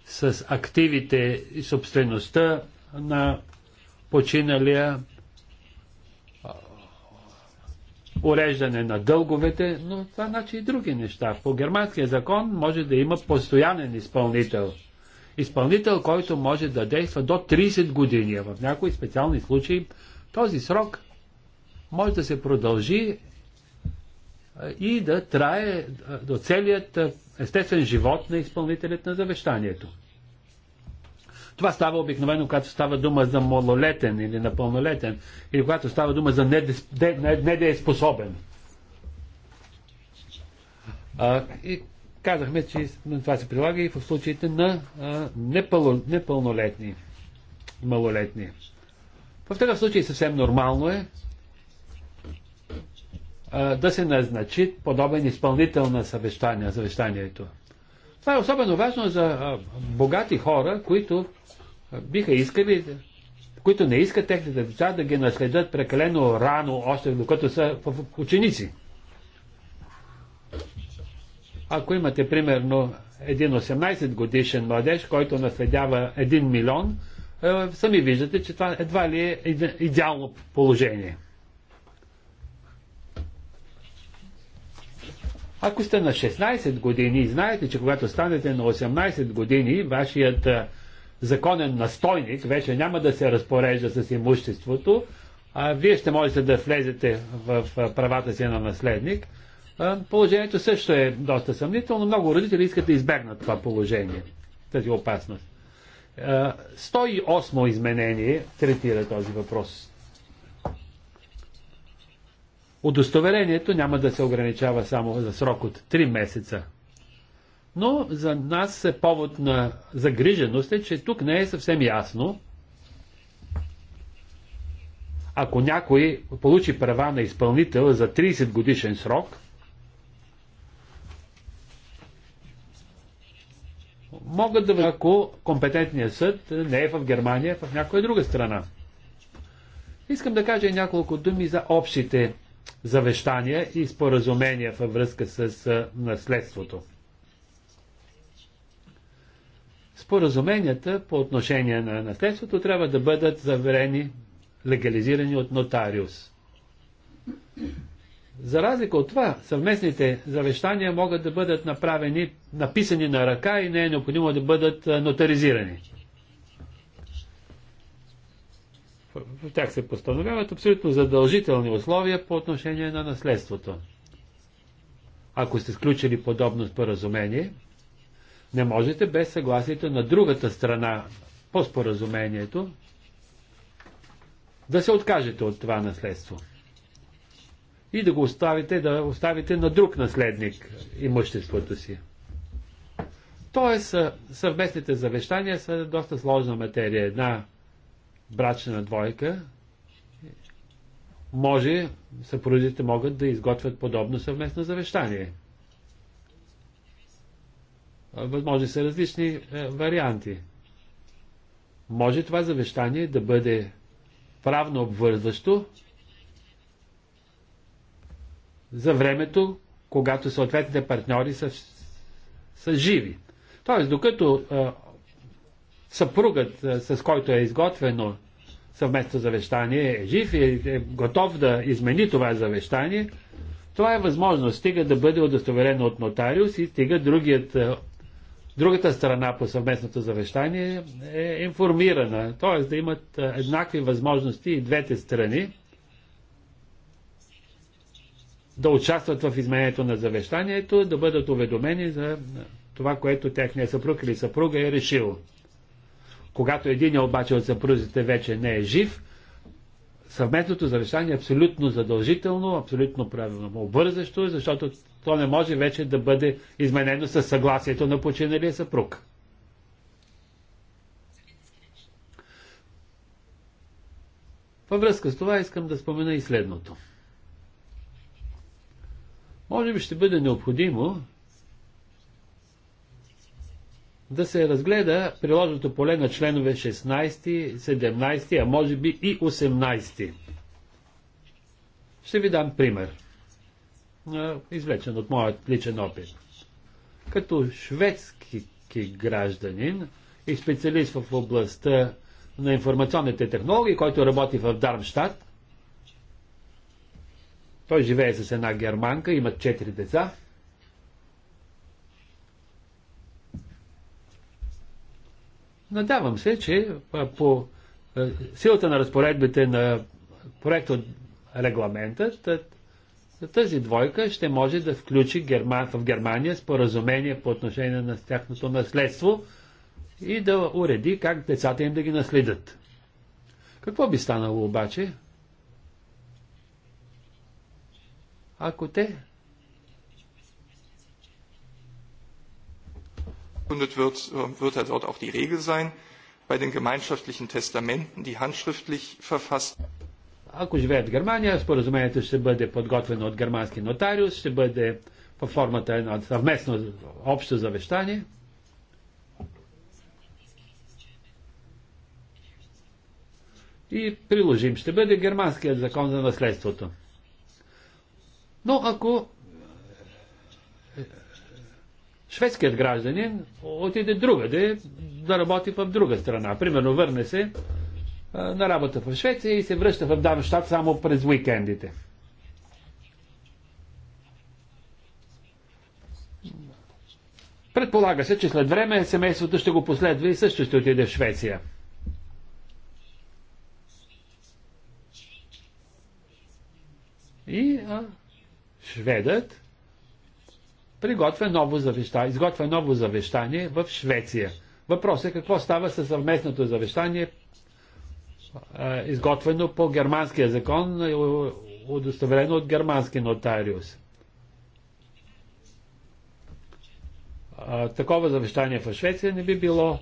с активите и собствеността на починалия уреждане на дълговете, но това значи и други неща. По германския закон може да има постоянен изпълнител – изпълнител, който може да действа до 30 години. В някои специални случаи този срок може да се продължи е, и да трае е, до целият е, естествен живот на изпълнителят на завещанието. Това става обикновено, когато става дума за малолетен или напълнолетен, или когато става дума за недееспособен. И казахме, че това се прилага и в случаите на непълнолетни, малолетни. В такъв случай съвсем нормално е да се назначи подобен изпълнител на съвещание, съвещанието. Това е особено важно за богати хора, които биха искали, които не искат техните деца да ги наследят прекалено рано, още докато са в ученици. Ако имате примерно един 18 годишен младеж, който наследява 1 милион, е, сами виждате, че това едва ли е идеално положение. Ако сте на 16 години и знаете, че когато станете на 18 години, вашият е, законен настойник вече няма да се разпорежда с имуществото, а вие ще можете да влезете в правата си на наследник – Положението също е доста съмнително. Много родители искат да избегнат това положение, тази опасност. 108 изменение третира този въпрос. Удостоверението няма да се ограничава само за срок от 3 месеца. Но за нас е повод на загриженост е, че тук не е съвсем ясно, ако някой получи права на изпълнител за 30 годишен срок, могат да ако компетентният съд не е в Германия, а в някоя друга страна. Искам да кажа няколко думи за общите завещания и споразумения във връзка с наследството. Споразуменията по отношение на наследството трябва да бъдат заверени, легализирани от нотариус. За разлика от това, съвместните завещания могат да бъдат направени, написани на ръка и не е необходимо да бъдат нотаризирани. В тях се постановяват абсолютно задължителни условия по отношение на наследството. Ако сте сключили подобно споразумение, не можете без съгласието на другата страна по споразумението да се откажете от това наследство и да го оставите, да оставите на друг наследник имуществото си. Тоест, съвместните завещания са доста сложна материя. Една брачна двойка може, съпружите могат да изготвят подобно съвместно завещание. Възможни са различни е, варианти. Може това завещание да бъде правно обвързващо за времето, когато съответните партньори са, са живи. Тоест, докато а, съпругът, а, с който е изготвено съвместно завещание, е жив и е готов да измени това завещание, това е възможно. Стига да бъде удостоверено от нотариус и стига другият, другата страна по съвместното завещание е информирана. Т.е. да имат еднакви възможности и двете страни да участват в изменението на завещанието, да бъдат уведомени за това, което техния съпруг или съпруга е решил. Когато един обаче от съпрузите вече не е жив, съвместното завещание е абсолютно задължително, абсолютно правилно обвързащо, защото то не може вече да бъде изменено със съгласието на починалия съпруг. Във връзка с това искам да спомена и следното – може би ще бъде необходимо да се разгледа приложното поле на членове 16, 17, а може би и 18. Ще ви дам пример, извлечен от моят личен опит. Като шведски гражданин и специалист в областта на информационните технологии, който работи в Дармштадт, той живее с една германка, имат четири деца. Надявам се, че по силата на разпоредбите на проект от регламента, тази двойка ще може да включи в Германия споразумение по отношение на тяхното наследство и да уреди как децата им да ги наследят. Какво би станало обаче, ако те begründet wird, äh, wird er dort auch die Regel sein. Bei den gemeinschaftlichen Testamenten, die handschriftlich verfasst. Ако живеят в Германия, споразумението ще бъде подготвено от германски нотариус, ще бъде по формата на съвместно общо завещание. И приложим ще бъде германският закон за наследството. Но ако шведският гражданин отиде другаде да работи в друга страна, примерно върне се на работа в Швеция и се връща в Дармштадт само през уикендите. Предполага се, че след време семейството ще го последва и също ще отиде в Швеция. И а, шведът приготвя ново завещание, изготвя ново завещание в Швеция. Въпросът е какво става със съвместното завещание, изготвено по германския закон, удостоверено от германски нотариус. Такова завещание в Швеция не би било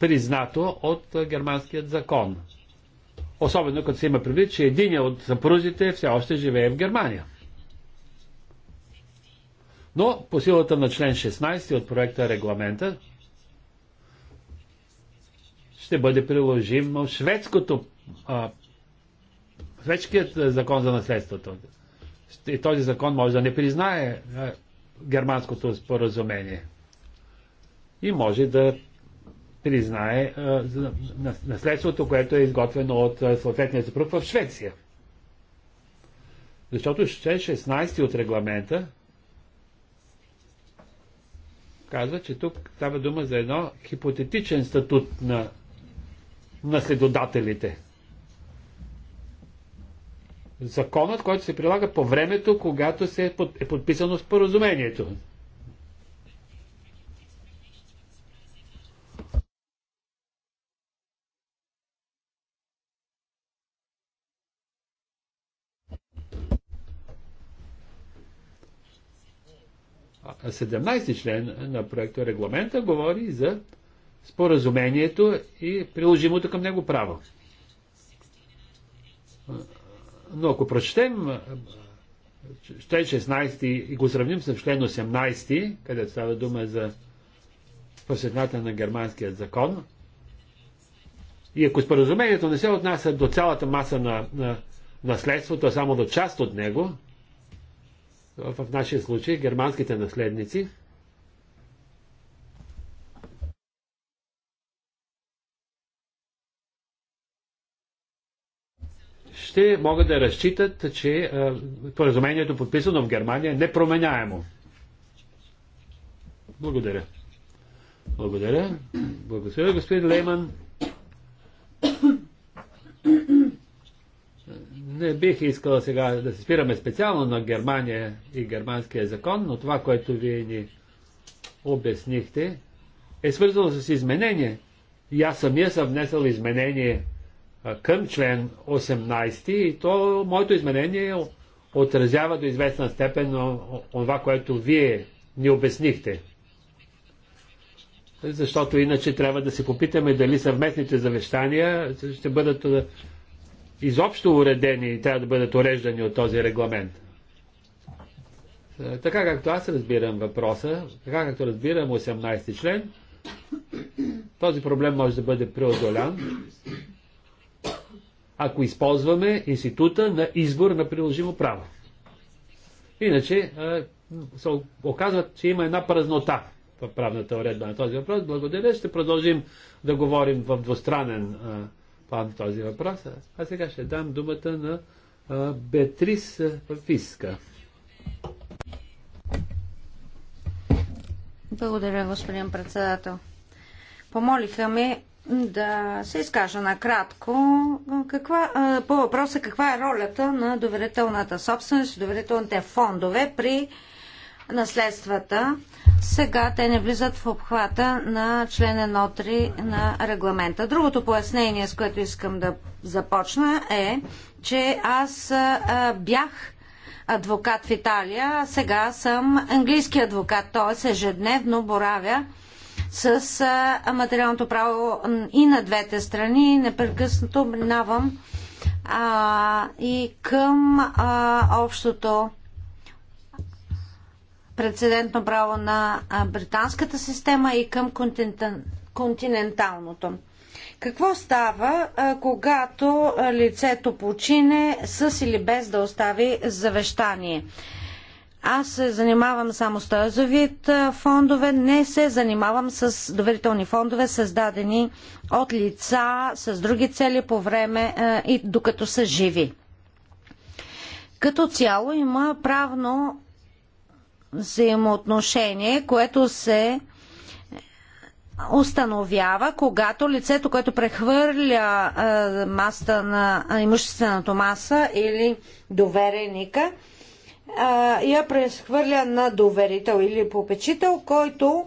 признато от германският закон. Особено като се има предвид, че един от съпрузите все още живее в Германия. Но по силата на член 16 от проекта регламента ще бъде приложим шведското, а, шведският закон за наследството. И този закон може да не признае германското споразумение и може да признае е, наследството, което е изготвено от е, съответния съпруг в Швеция. Защото член 16 от регламента казва, че тук става дума за едно хипотетичен статут на наследодателите. Законът, който се прилага по времето, когато се е, е подписано споразумението. 17 член на проекта регламента говори за споразумението и приложимото към него право. Но ако прочетем член 16 и го сравним с член 18, където става дума за посветната на германския закон, и ако споразумението не се отнася до цялата маса на, на наследството, а само до част от него, в нашия случай германските наследници, ще могат да разчитат, че споразумението подписано в Германия е непроменяемо. Благодаря. Благодаря. Благодаря, господин Лейман. Не бих искала сега да се спираме специално на Германия и германския закон, но това, което вие ни обяснихте, е свързано с изменение. И аз самия съм внесъл изменение към член 18 и то моето изменение отразява до известна степен това, което вие ни обяснихте. Защото иначе трябва да се попитаме дали съвместните завещания ще бъдат изобщо уредени и трябва да бъдат уреждани от този регламент. Е, така както аз разбирам въпроса, така както разбирам 18 член, този проблем може да бъде преодолян, ако използваме института на избор на приложимо право. Иначе е, се оказват, че има една празнота в правната уредба на този въпрос. Благодаря, ще продължим да говорим в двустранен е, спад този въпрос. А сега ще дам думата на а, Бетрис Фиска. Благодаря, господин председател. Помолиха ме да се изкажа накратко каква, по въпроса каква е ролята на доверителната собственост и доверителните фондове при наследствата. Сега те не влизат в обхвата на член 1.3 на регламента. Другото пояснение, с което искам да започна е, че аз а, бях адвокат в Италия, а сега съм английски адвокат, т.е. ежедневно боравя с а, материалното право и на двете страни. Непрекъснато минавам а, и към а, общото прецедентно право на британската система и към континенталното. Какво става, когато лицето почине с или без да остави завещание? Аз се занимавам само с този вид фондове, не се занимавам с доверителни фондове, създадени от лица с други цели по време и докато са живи. Като цяло има правно взаимоотношение, което се установява, когато лицето, което прехвърля а, маста на а, имуществената маса или довереника, а, я прехвърля на доверител или попечител, който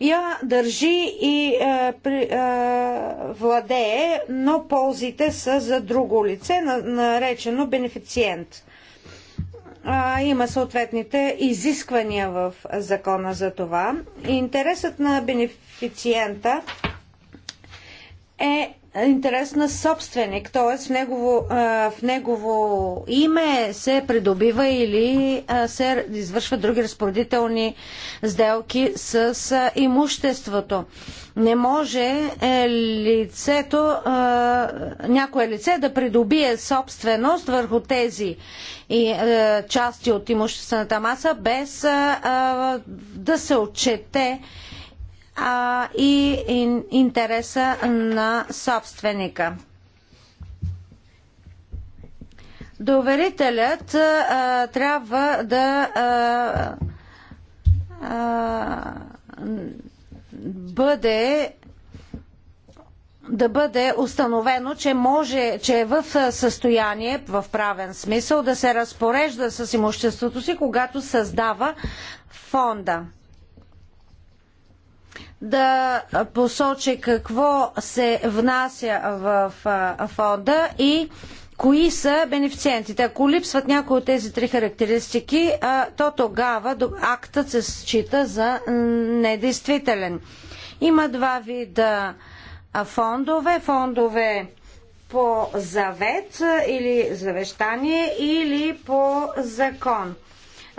я държи и а, при, а, владее, но ползите са за друго лице, наречено бенефициент а, има съответните изисквания в закона за това. Интересът на бенефициента е интерес на собственик, т.е. В негово, в негово име се придобива или се извършва други разпоредителни сделки с имуществото. Не може е, лицето, някое лице да придобие собственост върху тези части от имуществената маса без да се отчете а, и ин, интереса на собственика. Доверителят а, трябва да а, а, бъде да бъде установено, че може, че е в състояние, в правен смисъл, да се разпорежда с имуществото си, когато създава фонда да посочи какво се внася в фонда и кои са бенефициентите. Ако липсват някои от тези три характеристики, то тогава актът се счита за недействителен. Има два вида фондове. Фондове по завет или завещание или по закон.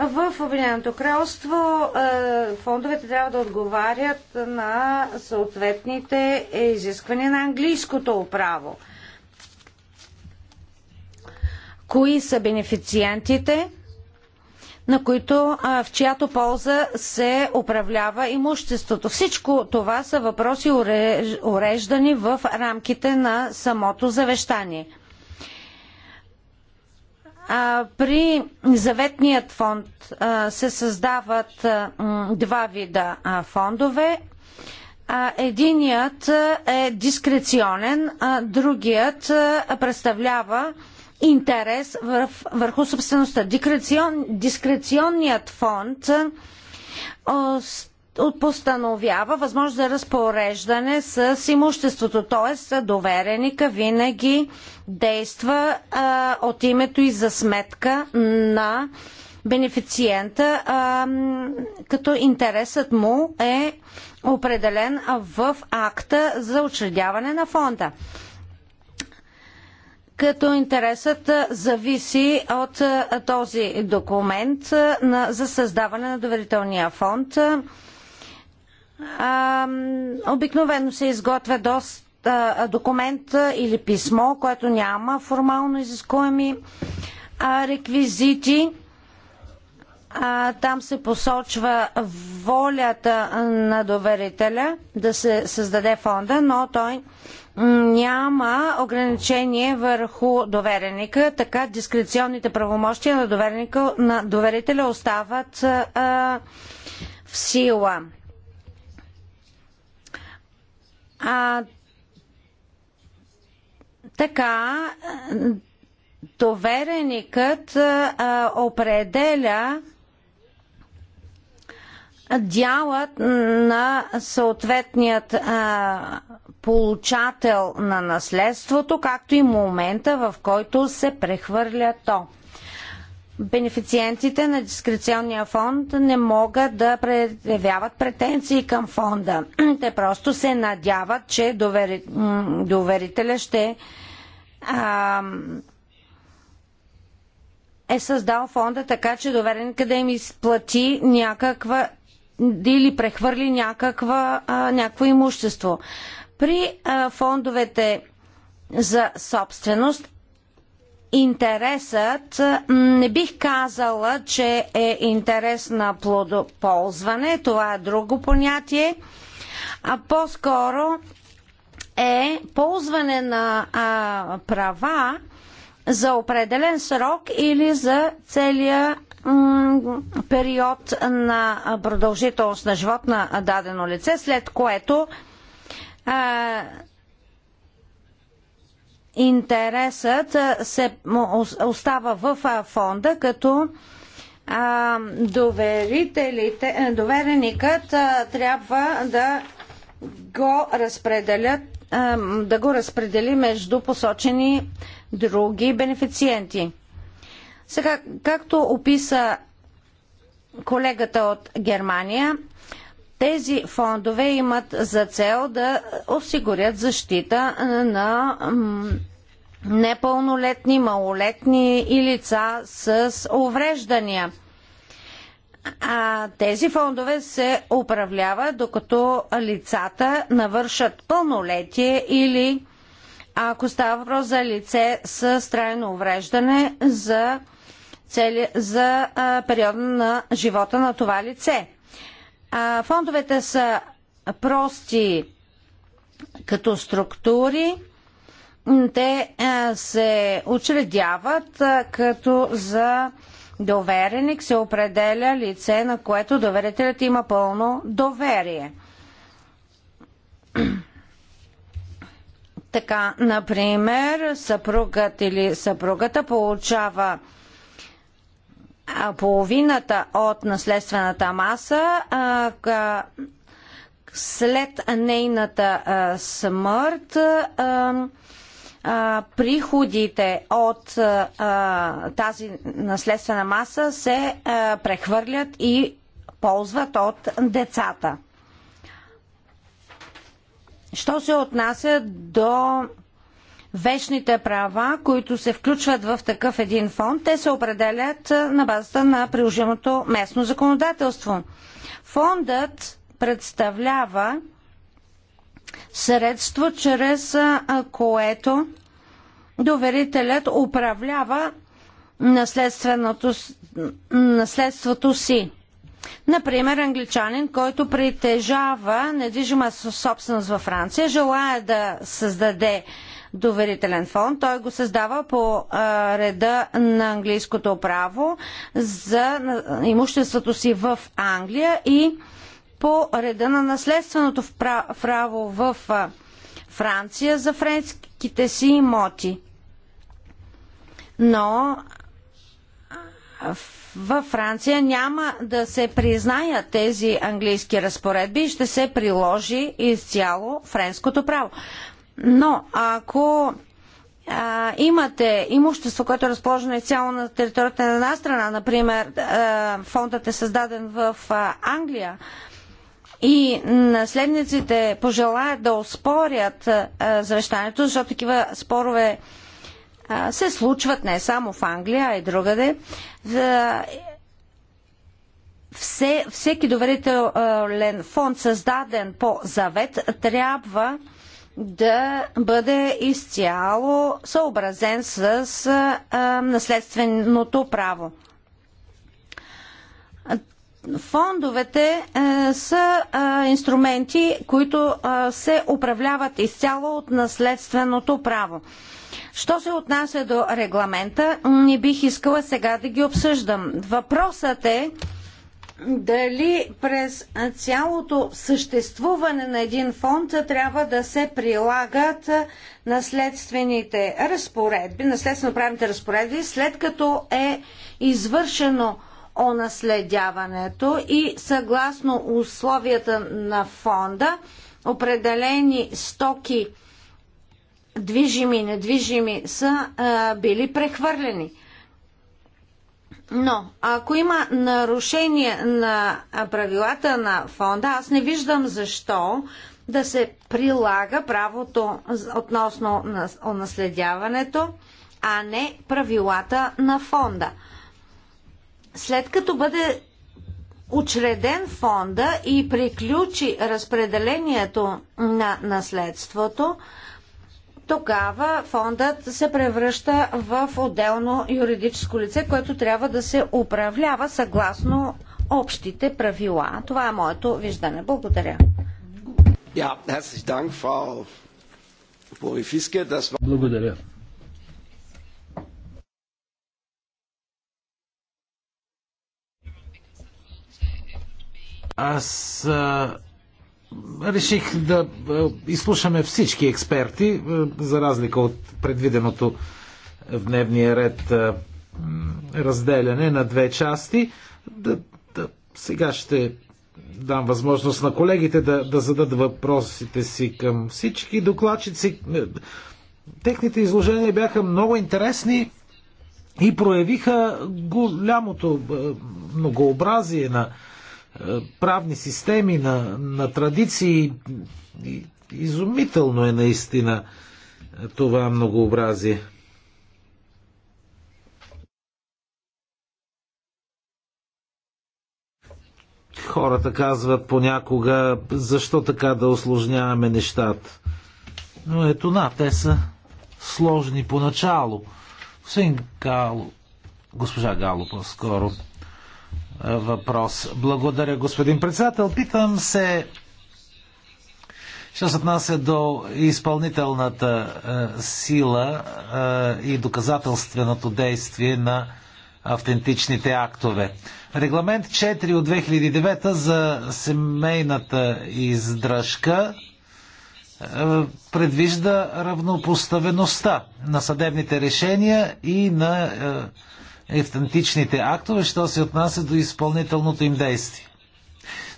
В Обединеното кралство е, фондовете трябва да отговарят на съответните изисквания на английското право. Кои са бенефициентите, на които, е, в чиято полза се управлява имуществото? Всичко това са въпроси уреждани в рамките на самото завещание. При заветният фонд се създават два вида фондове. Единият е дискреционен, а другият представлява интерес върху собствеността. Дискреционният фонд постановява възможност за разпореждане с имуществото, т.е. довереника винаги действа а, от името и за сметка на бенефициента, а, като интересът му е определен в акта за учредяване на фонда като интересът зависи от този документ за създаване на доверителния фонд обикновено се изготвя доста документ или писмо, което няма формално изискуеми реквизити. Там се посочва волята на доверителя да се създаде фонда, но той няма ограничение върху довереника, така дискреционните правомощия на, на доверителя остават а, в сила. А, така, довереникът а, определя дялът на съответният а, получател на наследството, както и момента, в който се прехвърля то бенефициентите на дискреционния фонд не могат да предявяват претенции към фонда. <clears throat> Те просто се надяват, че довери... доверителя ще а, е създал фонда така, че довереника да им изплати някаква или прехвърли някаква, а, някакво имущество. При а, фондовете за собственост Интересът не бих казала, че е интерес на плодоползване, това е друго понятие, а по-скоро е ползване на а, права за определен срок или за целия период на продължителност на живот на дадено лице, след което интересът се остава в фонда, като доверителите, довереникът трябва да го разпределят да го разпредели между посочени други бенефициенти. Сега, както описа колегата от Германия, тези фондове имат за цел да осигурят защита на непълнолетни, малолетни и лица с увреждания. А тези фондове се управляват докато лицата навършат пълнолетие или ако става въпрос за лице с трайно увреждане за, цели, за а, периода на живота на това лице. А, фондовете са прости като структури, те е, се учредяват е, като за довереник се определя лице, на което доверителят има пълно доверие. <clears throat> Така, например, съпругът или съпругата получава половината от наследствената маса а, след нейната а, смърт. А, а, приходите от а, тази наследствена маса се а, прехвърлят и ползват от децата. Що се отнася до вечните права, които се включват в такъв един фонд, те се определят на базата на приложимото местно законодателство. Фондът представлява средство, чрез което доверителят управлява наследството си. Например, англичанин, който притежава недвижима собственост във Франция, желая да създаде доверителен фонд. Той го създава по а, реда на английското право за имуществото си в Англия и по реда на наследственото право в Франция за френските си имоти. Но във Франция няма да се признаят тези английски разпоредби и ще се приложи изцяло френското право. Но ако а, имате имущество, което е разположено изцяло на територията на една страна, например, а, фондът е създаден в а, Англия, а, и наследниците пожелаят да оспорят завещанието, защото такива спорове се случват не само в Англия, а и другаде. Все, всеки доверителен фонд, създаден по завет, трябва да бъде изцяло съобразен с наследственото право. Фондовете а, е, са а, е, инструменти, които а, е, се управляват изцяло от наследственото право. Що се отнася до регламента, не бих искала сега да ги обсъждам. Въпросът е дали през цялото съществуване на един фонд трябва да се прилагат наследствените разпоредби, наследствено правните разпоредби, след като е извършено онаследяването и съгласно условията на фонда определени стоки движими и недвижими са а, били прехвърлени. Но ако има нарушение на правилата на фонда, аз не виждам защо да се прилага правото относно наследяването, а не правилата на фонда след като бъде учреден фонда и приключи разпределението на наследството, тогава фондът се превръща в отделно юридическо лице, което трябва да се управлява съгласно общите правила. Това е моето виждане. Благодаря. Благодаря. Аз а, реших да изслушаме всички експерти, за разлика от предвиденото в дневния ред а, разделяне на две части. Да, да, сега ще дам възможност на колегите да, да зададат въпросите си към всички докладчици. Техните изложения бяха много интересни и проявиха голямото многообразие на е, правни системи, на, на традиции. Изумително е наистина това многообразие. Хората казват понякога, защо така да осложняваме нещата. Но ето на, те са сложни поначало. Господин Гало, госпожа Гало по-скоро. Е, въпрос. Благодаря, господин председател. Питам се, що се отнася до изпълнителната е, сила е, и доказателственото действие на автентичните актове. Регламент 4 от 2009 за семейната издръжка предвижда равнопоставеността на съдебните решения и на автентичните актове, що се отнася до изпълнителното им действие.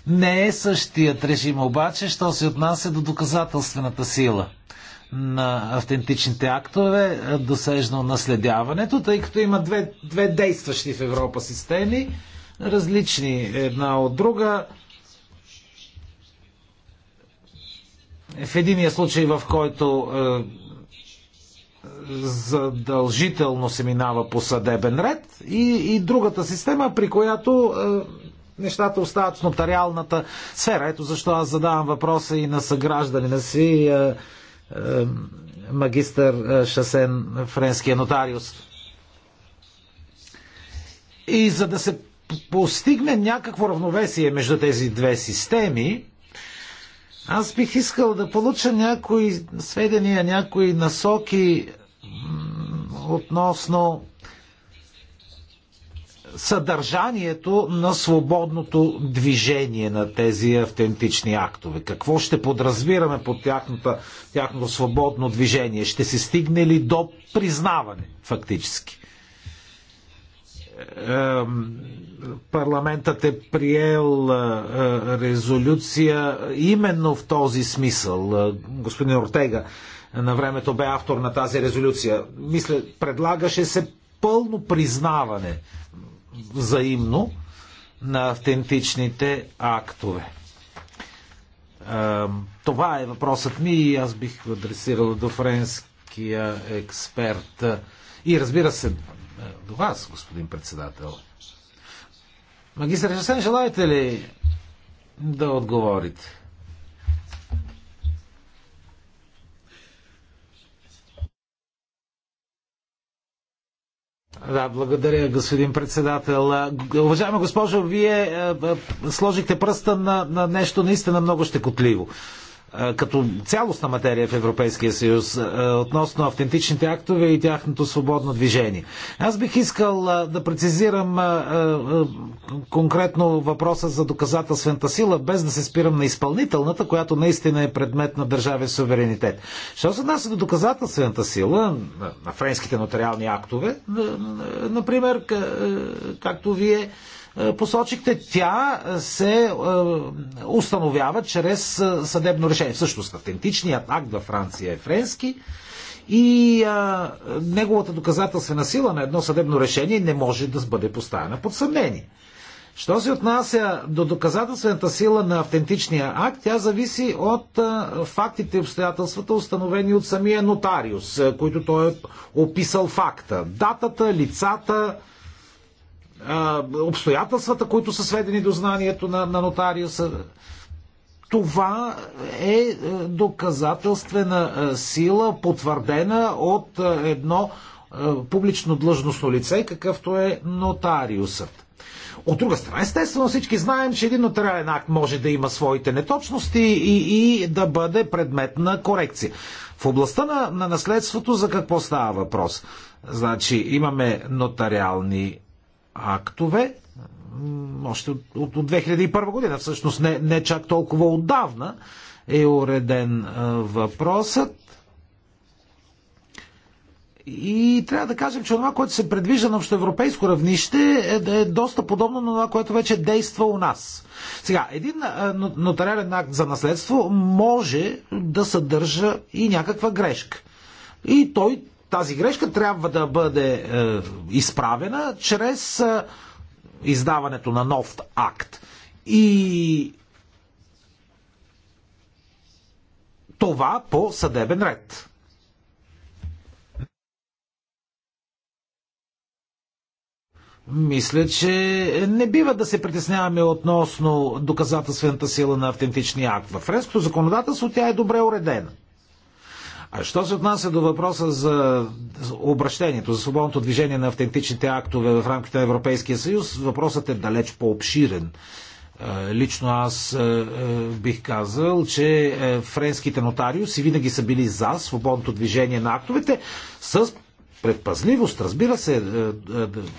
Не е същият режим обаче, що се отнася до доказателствената сила на автентичните актове, досежно наследяването, тъй като има две, две действащи в Европа системи, различни една от друга. В единия случай, в който е, задължително се минава по съдебен ред и, и другата система, при която е, нещата остават в нотариалната сфера. Ето защо аз задавам въпроса и на съгражданина си, е, е, магистър е, Шасен, френския нотариус. И за да се постигне някакво равновесие между тези две системи, аз бих искал да получа някои сведения, някои насоки относно съдържанието на свободното движение на тези автентични актове? Какво ще подразбираме под тяхната, тяхното свободно движение? Ще се стигне ли до признаване фактически? парламентът е приел е, е, резолюция именно в този смисъл. Е, господин Ортега на времето бе автор на тази резолюция. Мисля, предлагаше се пълно признаване взаимно на автентичните актове. Това е въпросът ми и аз бих адресирал до френския експерт. И разбира се, е, до вас, господин председател. Магистър Хасен, желаете ли да отговорите? Да, благодаря, господин председател. Уважаема госпожо, вие е, е, сложихте пръста на, на нещо наистина много щекотливо като цялостна материя в Европейския съюз относно автентичните актове и тяхното свободно движение. Аз бих искал да прецизирам конкретно въпроса за доказателствената сила, без да се спирам на изпълнителната, която наистина е предмет на държавен суверенитет. Що се отнася до доказателствената сила на френските нотариални актове, например, както вие е, посочихте, тя е, се е, установява чрез съдебно решение. Всъщност автентичният акт във Франция е френски и неговата доказателствена сила на едно съдебно решение не може да бъде поставена под съмнение. Що се отнася до доказателствената сила на автентичния акт, тя зависи от фактите и обстоятелствата, установени от самия нотариус, които той е описал факта. Датата, лицата, обстоятелствата, които са сведени до знанието на, на нотариуса. Това е, е доказателствена е, сила, потвърдена от е, едно публично длъжностно лице, какъвто е нотариусът. От друга страна, естествено всички знаем, че един нотариален акт може да има своите неточности и, и да бъде предмет на корекция. В областта на, на наследството за какво става въпрос? Значи имаме нотариални актове, още от, от 2001 година, всъщност не, не чак толкова отдавна е уреден въпросът. И трябва да кажем, че това, което се предвижда на общоевропейско равнище, е, е доста подобно на това, което вече действа у нас. Сега, един нотариален акт за наследство може да съдържа и някаква грешка. И той тази грешка трябва да бъде е, изправена чрез е, издаването на нов акт. И това по съдебен ред. Мисля, че не бива да се притесняваме относно доказателствената сила на автентичния акт. В френското законодателство тя е добре уредена. А що се отнася до въпроса за обращението, за свободното движение на автентичните актове в рамките на Европейския съюз, въпросът е далеч по-обширен. Е, лично аз е, е, бих казал, че френските нотариуси винаги са били за свободното движение на актовете с предпазливост, разбира се,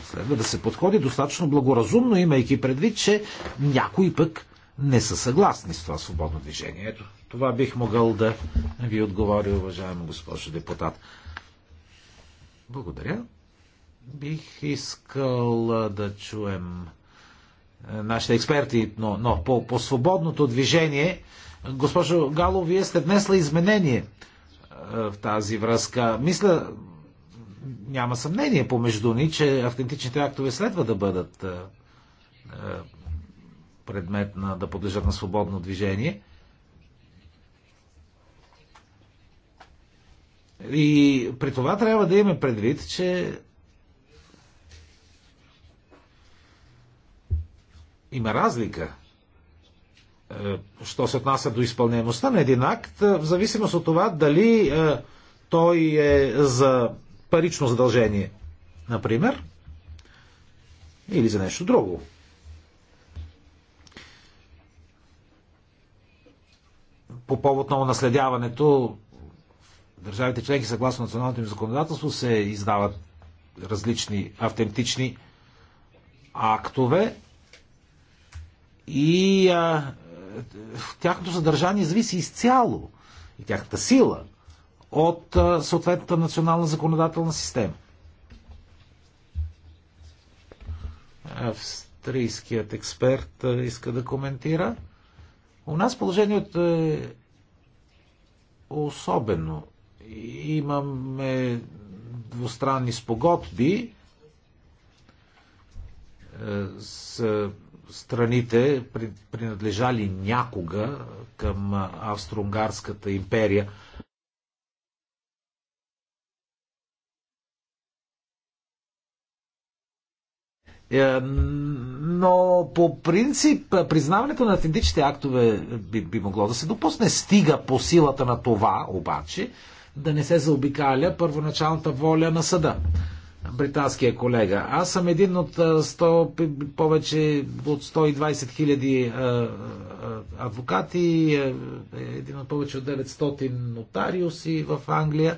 следва да се подходи достатъчно благоразумно, имайки предвид, че някой пък не са съгласни с това свободно движение. Ето, това бих могъл да ви отговоря, уважаема госпожо депутат. Благодаря. Бих искал да чуем нашите експерти, но, но по, по свободното движение. Госпожо Гало, вие сте внесла изменение в тази връзка. Мисля, няма съмнение помежду ни, че автентичните актове следва да бъдат предмет на да подлежат на свободно движение. И при това трябва да имаме предвид, че има разлика. Е, що се отнася до изпълнеността на един акт, е, в зависимост от това дали е, той е за парично задължение, например, или за нещо друго. по повод на наследяването държавите членки, съгласно националното им законодателство, се издават различни автентични актове и а, тяхното съдържание зависи изцяло и тяхната сила от а, съответната национална законодателна система. Австрийският експерт иска да коментира. У нас положението е особено. Имаме двустранни спогодби е, с страните, принадлежали някога към Австро-Унгарската империя. Е, но по принцип признаването на автентичните актове би, би могло да се допусне. Стига по силата на това, обаче, да не се заобикаля първоначалната воля на съда. Британския колега. Аз съм един от 100, повече от 120 хиляди адвокати, е един от повече от 900 нотариуси в Англия.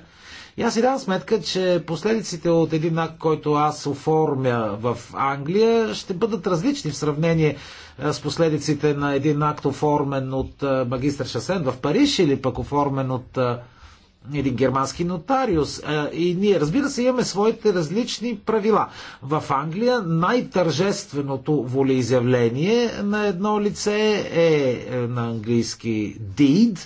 И аз си дам сметка, че последиците от един акт, който аз оформя в Англия, ще бъдат различни в сравнение е, с последиците на един акт, оформен от е, магистър Шасен в Париж или пък оформен от е, един германски нотариус. И ние, разбира се, имаме своите различни правила. В Англия най-тържественото волеизявление на едно лице е на английски deed,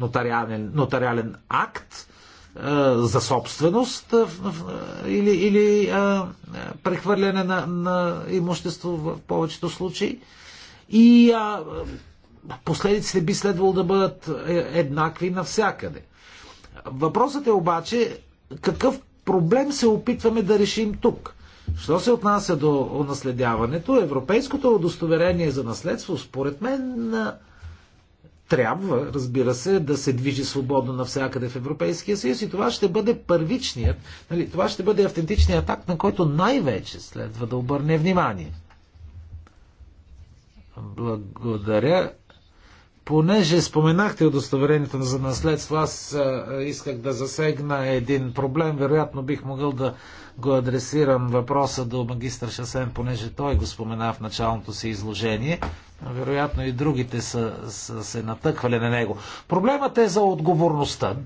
нотариален, нотариален акт е, за собственост е, или, или е, прехвърляне на, на имущество в повечето случаи. И а, последиците би следвало да бъдат еднакви навсякъде. Въпросът е обаче какъв проблем се опитваме да решим тук. Що се отнася до наследяването, европейското удостоверение за наследство, според мен, трябва, разбира се, да се движи свободно навсякъде в Европейския съюз и това ще бъде първичният, нали, това ще бъде автентичният атак, на който най-вече следва да обърне внимание. Благодаря. Понеже споменахте удостоверението за наследство, аз исках да засегна един проблем. Вероятно бих могъл да го адресирам въпроса до магистър Шасен, понеже той го спомена в началното си изложение. Вероятно и другите са, са се натъквали на него. Проблемът е за отговорността.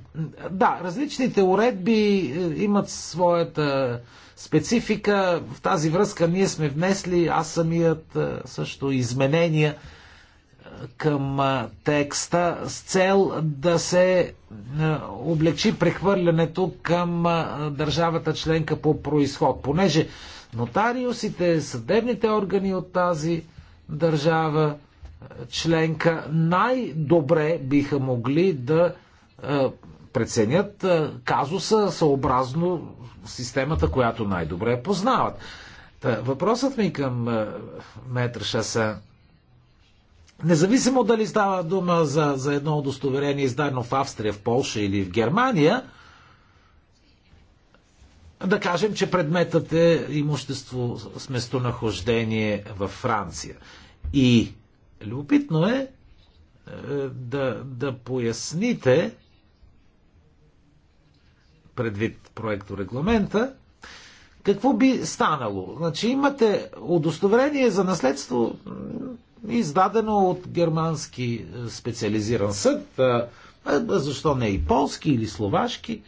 Да, различните уредби е, имат своята специфика. В тази връзка ние сме внесли, аз самият е, също изменения – към текста с цел да се облегчи прехвърлянето към държавата членка по происход, понеже нотариусите, съдебните органи от тази държава членка най-добре биха могли да преценят казуса съобразно системата, която най-добре познават. Въпросът ми към метър Шасен. Независимо дали става дума за, за едно удостоверение, издадено в Австрия, в Полша или в Германия, да кажем, че предметът е имущество с местонахождение във Франция. И любопитно е, е да, да поясните предвид проекто регламента, какво би станало? Значи имате удостоверение за наследство издадено от германски е, специализиран съд, е, е, защо не и полски или словашки,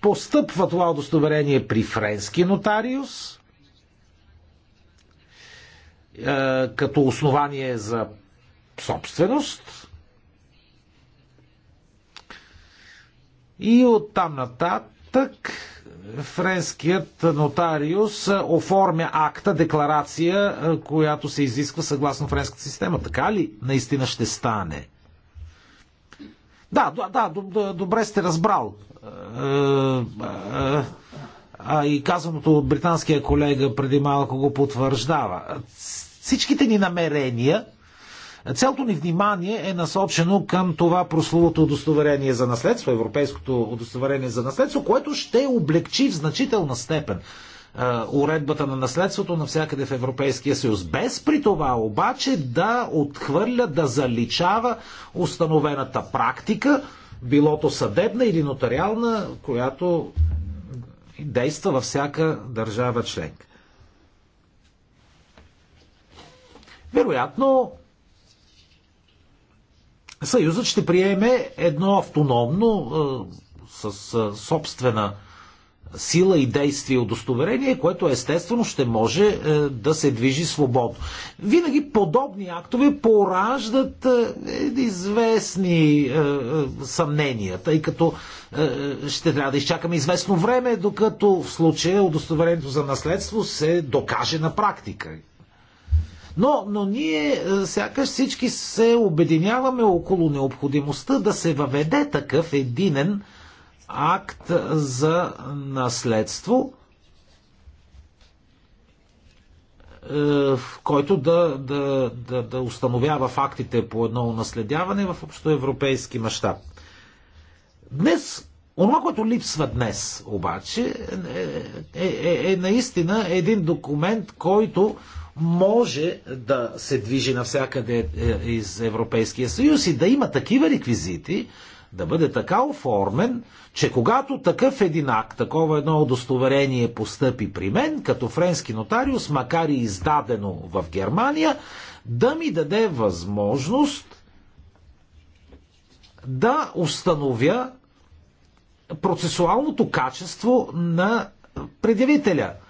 постъпва това удостоверение при френски нотариус като основание за собственост и оттам нататък френският нотариус оформя акта, декларация, е, която се изисква съгласно френската система. Така ли наистина ще стане? Да, да, да добре сте разбрал. Е, е, а и казаното от британския колега преди малко го потвърждава. Всичките ни намерения Цялото ни внимание е насочено към това прословото удостоверение за наследство, европейското удостоверение за наследство, което ще облегчи в значителна степен уредбата на наследството навсякъде в Европейския съюз. Без при това обаче да отхвърля, да заличава установената практика, било то съдебна или нотариална, която действа във всяка държава членка. Вероятно, Съюзът ще приеме едно автономно, е, с е, собствена сила и действие удостоверение, което естествено ще може е, да се движи свободно. Винаги подобни актове пораждат известни съмнения, тъй като ще трябва да изчакаме известно време, докато в случая удостоверението за наследство се докаже на практика но, но ние е, сякаш всички се обединяваме около необходимостта да се въведе такъв единен акт за наследство, е, в който да, да, да, да установява фактите по едно наследяване в общоевропейски мащаб. Днес, онова, което липсва днес, обаче, е, е, е, е наистина един документ, който може да се движи навсякъде е, из Европейския съюз и да има такива реквизити, да бъде така оформен, че когато такъв един акт, такова едно удостоверение постъпи при мен, като френски нотариус, макар и издадено в Германия, да ми даде възможност да установя процесуалното качество на предявителя –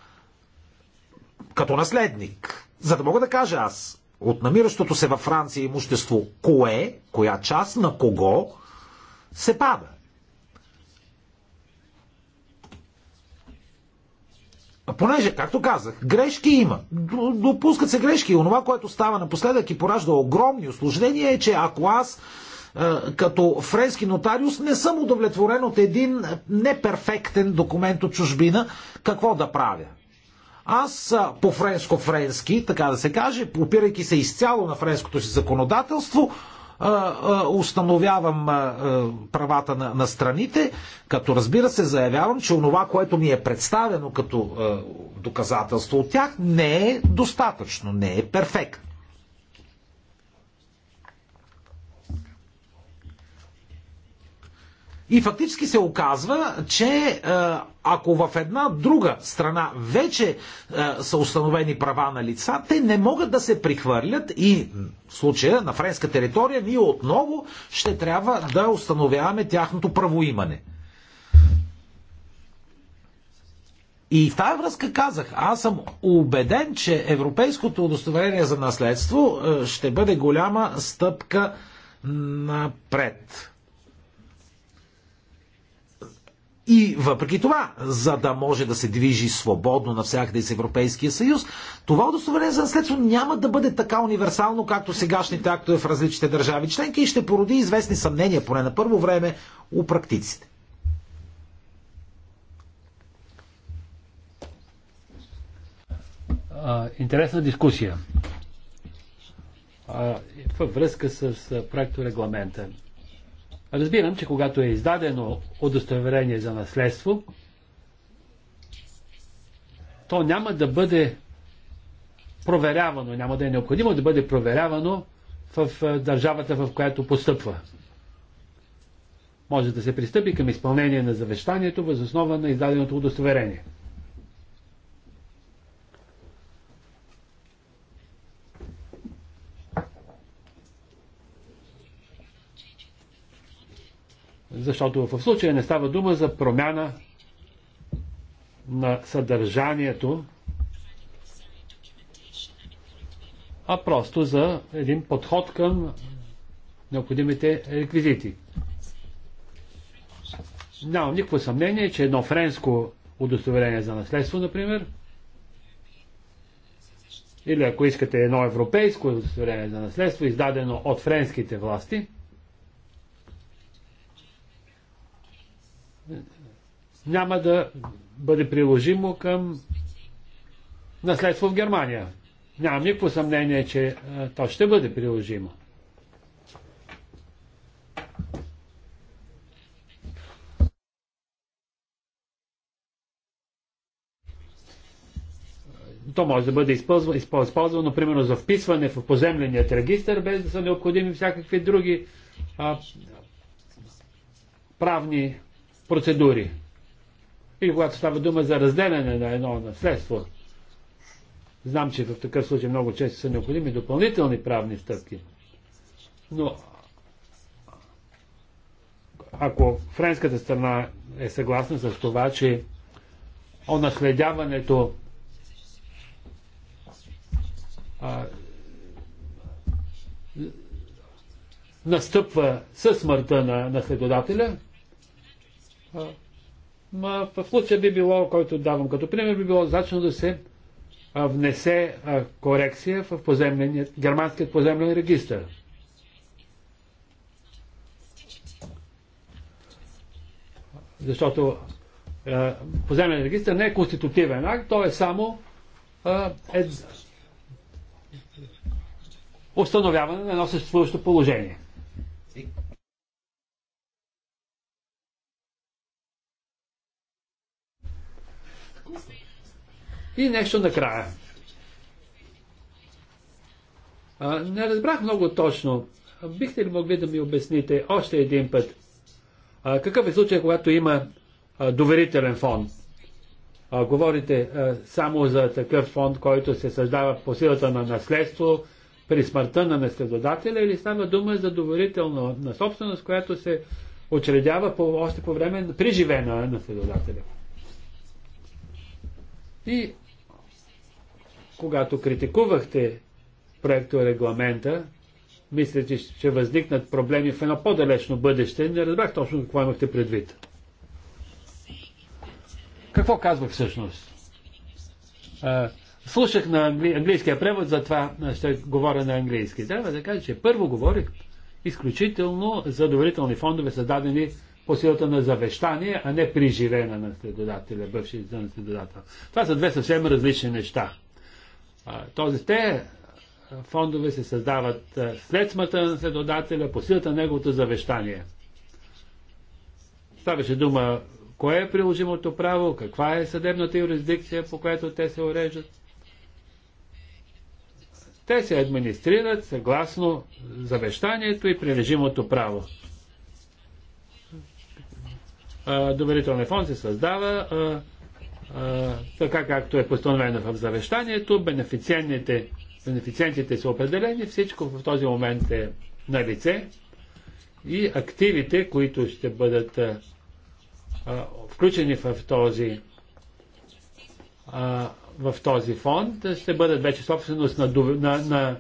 като наследник. За да мога да кажа аз, от намиращото се във Франция имущество, кое, коя част, на кого се пада. Понеже, както казах, грешки има. Допускат се грешки. Онова, което става напоследък и поражда огромни осложнения е, че ако аз като френски нотариус не съм удовлетворен от един неперфектен документ от чужбина, какво да правя? Аз по френско-френски, така да се каже, опирайки се изцяло на френското си законодателство, установявам правата на, на страните, като разбира се заявявам, че онова, което ми е представено като доказателство от тях, не е достатъчно, не е перфект. И фактически се оказва, че е, ако в една друга страна вече е, са установени права на лица, те не могат да се прихвърлят и в случая на френска територия ние отново ще трябва да установяваме тяхното правоимане. И в тази връзка казах, аз съм убеден, че европейското удостоверение за наследство е, ще бъде голяма стъпка напред. И въпреки това, за да може да се движи свободно навсякъде из Европейския съюз, това удостоверение за наследство няма да бъде така универсално, както сегашните актове в различните държави членки и ще породи известни съмнения, поне на първо време, у практиците. А, интересна дискусия. А, във връзка с проекто регламента Разбирам, че когато е издадено удостоверение за наследство, то няма да бъде проверявано, няма да е необходимо да бъде проверявано в държавата, в която постъпва. Може да се пристъпи към изпълнение на завещанието въз основа на издаденото удостоверение. Защото в случая не става дума за промяна на съдържанието, а просто за един подход към необходимите реквизити. Нямам никакво съмнение, че едно френско удостоверение за наследство, например, или ако искате едно европейско удостоверение за наследство, издадено от френските власти – няма да бъде приложимо към наследство в Германия. Нямам никакво съмнение, че а, то ще бъде приложимо. То може да бъде използвано, използвано примерно за вписване в поземленият регистр, без да са необходими всякакви други а, правни процедури. И когато става дума за разделяне на едно наследство, знам, че в такъв случай много често са необходими допълнителни правни стъпки. Но ако френската страна е съгласна с това, че онаследяването а, настъпва със смъртта на наследодателя, Ма, в случая би било, който давам като пример, би било значно да се а, внесе а, корекция в германският поземлен регистр. Защото а, поземлен регистр не е конститутивен акт, той е само а, е, установяване на едно съществуващо положение. И нещо накрая. А, не разбрах много точно. Бихте ли могли да ми обясните още един път? А, какъв е случай, когато има а, доверителен фонд? А, говорите а, само за такъв фонд, който се създава по силата на наследство при смъртта на наследодателя или става дума за доверително на собственост, която се очредява по, още по време при живе на наследодателя? И когато критикувахте проекто регламента, мисля, че ще възникнат проблеми в едно по-далечно бъдеще. Не разбрах точно какво имахте предвид. Какво казвах всъщност? слушах на англи... английския превод, затова ще говоря на английски. Трябва да кажа, че първо говорих изключително за доверителни фондове, създадени по силата на завещание, а не приживена на следодателя, бъвши наследодател. Това са две съвсем различни неща. Тоест, те фондове се създават след смъртта на следодателя, по силата на неговото завещание. Ставаше дума кое е приложимото право, каква е съдебната юрисдикция, по която те се уреждат. Те се администрират съгласно завещанието и прилежимото право. Доверителният фонд се създава така както е постановено в завещанието, бенефициентите, бенефициентите са определени, всичко в този момент е на лице и активите, които ще бъдат а, включени в този, а, в този фонд, ще бъдат вече собственост на, на, на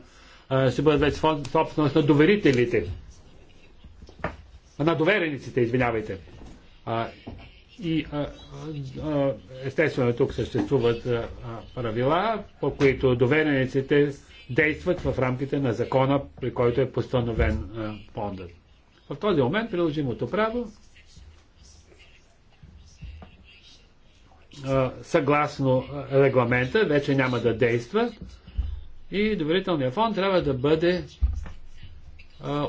а, ще бъдат вече фонд, собственост на доверителите. На доверениците, извинявайте. А, и а, а, естествено тук съществуват а, правила, по които доверениците действат в рамките на закона, при който е постановен а, фондът. В този момент приложимото право а, съгласно регламента вече няма да действа и доверителният фонд трябва да бъде а,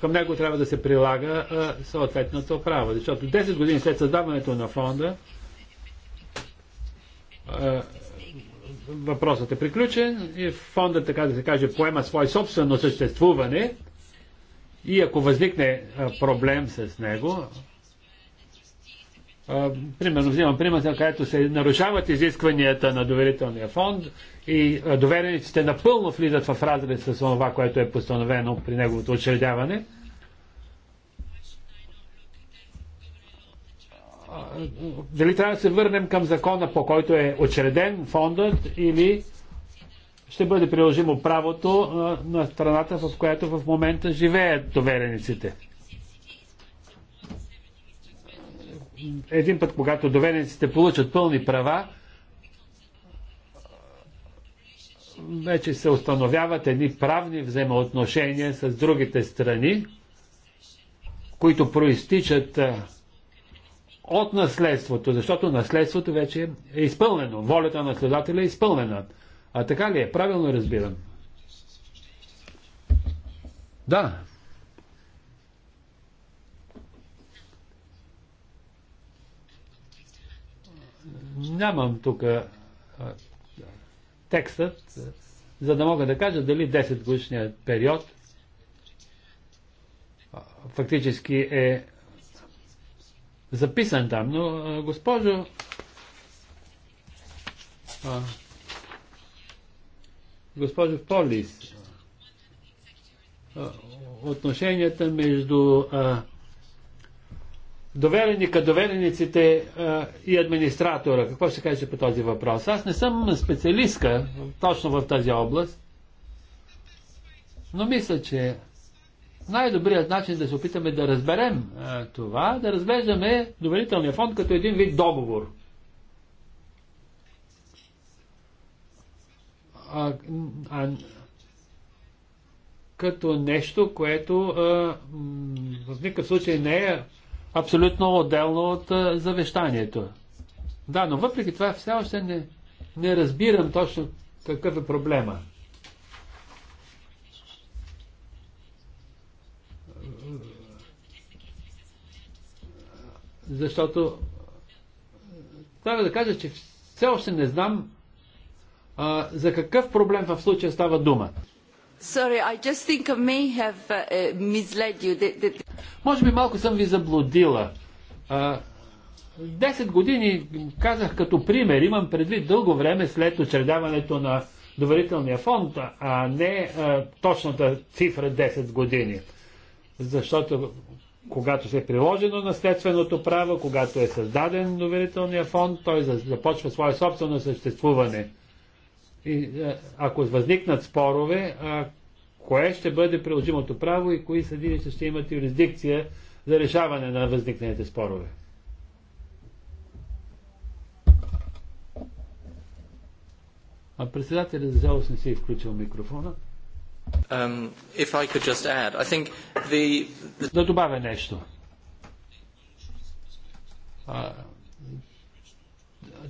към него трябва да се прилага съответното право. Защото 10 години след създаването на фонда въпросът е приключен и фонда, така да се каже, поема свое собствено съществуване и ако възникне проблем с него, примерно взимам пример, на където се нарушават изискванията на доверителния фонд и доверениците напълно влизат в разрез с това, което е постановено при неговото учредяване. Дали трябва да се върнем към закона, по който е учреден фондът или ще бъде приложимо правото на страната, в която в момента живеят доверениците? един път, когато довенеците получат пълни права, вече се установяват едни правни взаимоотношения с другите страни, които проистичат от наследството, защото наследството вече е изпълнено. Волята на следателя е изпълнена. А така ли е? Правилно разбирам. Да. нямам тук текстът, за да мога да кажа дали 10 годишният период фактически е записан там. Но, госпожо, госпожо Полис, отношенията между а, довереника, доверениците а, и администратора. Какво ще кажете по този въпрос? Аз не съм специалистка точно в тази област, но мисля, че най-добрият начин да се опитаме да разберем а, това, да разглеждаме доверителния фонд като един вид договор. А, а, като нещо, което а, в никакъв случай не е абсолютно отделно от завещанието. Да, но въпреки това все още не, не разбирам точно какъв е проблема. Защото трябва да кажа, че все още не знам а, за какъв проблем в случая става дума. Sorry, I just think I may have uh, uh, misled you. The, the... Може би малко съм ви заблудила. Десет години казах като пример, имам предвид дълго време след учредяването на доверителния фонд, а не точната цифра 10 години. Защото когато се е приложено наследственото право, когато е създаден доверителния фонд, той започва свое собствено съществуване – и, е, ако възникнат спорове, а, е, кое ще бъде приложимото право и кои съдилища ще имат юрисдикция за решаване на възникналите спорове? А председателят за жалост не си е включил микрофона. Um, if I could just add, I think the... Да добавя нещо. А,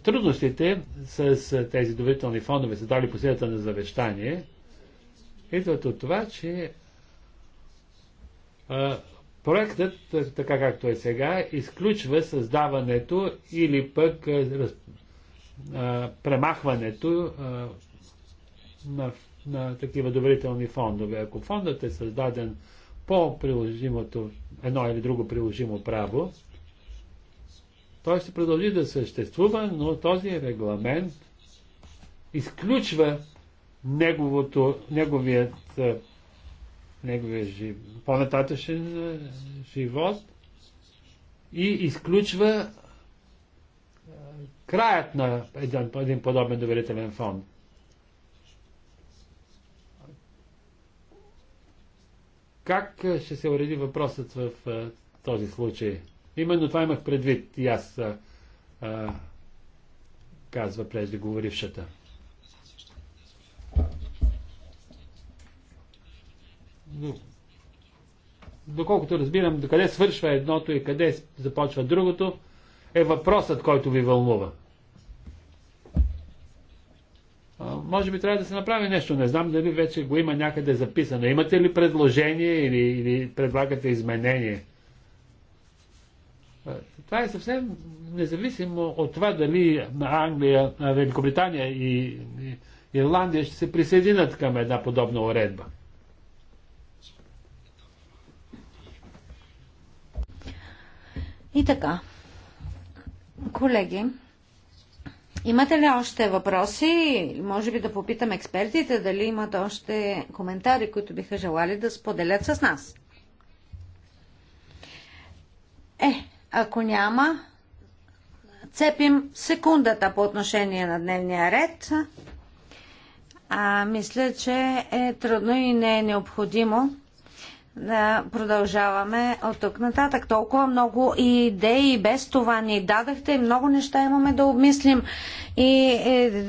трудностите с тези доверителни фондове, са дали последата на завещание, идват от това, че проектът, така както е сега, изключва създаването или пък премахването на, на такива доверителни фондове. Ако фондът е създаден по приложимото, едно или друго приложимо право, той ще продължи да съществува, но този регламент изключва неговото, неговият, неговият жив, по-нататъчен живот и изключва краят на един, един подобен доверителен фонд. Как ще се уреди въпросът в този случай? Именно това имах предвид и аз, а, а, казва преждеговорившата. Но, доколкото разбирам, до къде свършва едното и къде започва другото, е въпросът, който ви вълнува. А, може би трябва да се направи нещо. Не знам дали вече го има някъде записано. Имате ли предложение или, или предлагате изменение? Е, това е съвсем независимо от това дали Англия, Великобритания и Ирландия ще се присъединят към една подобна уредба. И така, колеги, имате ли още въпроси? Може би да попитам експертите дали имат още коментари, които биха желали да споделят с нас. Е, ако няма, цепим секундата по отношение на дневния ред. А, мисля, че е трудно и не е необходимо да продължаваме от тук нататък. Толкова много идеи без това ни дадахте и много неща имаме да обмислим. И е,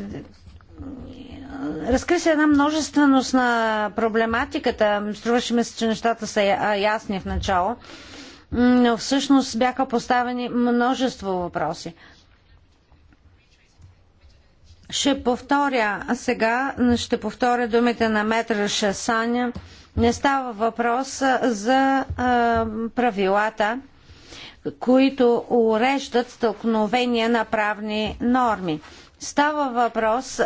разкри се една множественост на проблематиката. Струваше ми се, че нещата са ясни в начало но всъщност бяха поставени множество въпроси. Ще повторя сега, ще повторя думите на Метра Шасаня. Не става въпрос за а, правилата, които уреждат стълкновения на правни норми. Става въпрос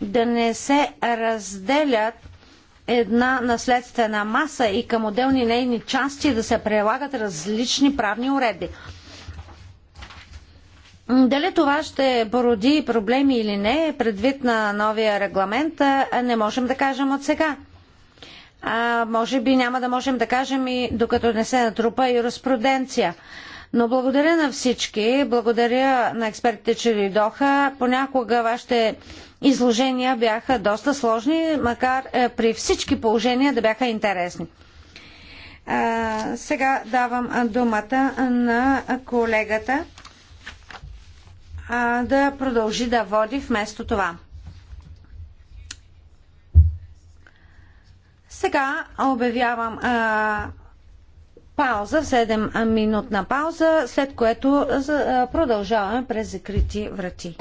да не се разделят една наследствена маса и към отделни нейни части да се прилагат различни правни уредби. Дали това ще породи проблеми или не, предвид на новия регламент, не можем да кажем от сега. А, може би няма да можем да кажем и докато не се натрупа юриспруденция. Но благодаря на всички, благодаря на експертите, че дойдоха. Понякога вашите изложения бяха доста сложни, макар е, при всички положения да бяха интересни. Сега давам думата на колегата да продължи да води вместо това. Сега обявявам пауза, 7-минутна пауза, след което продължаваме през закрити врати.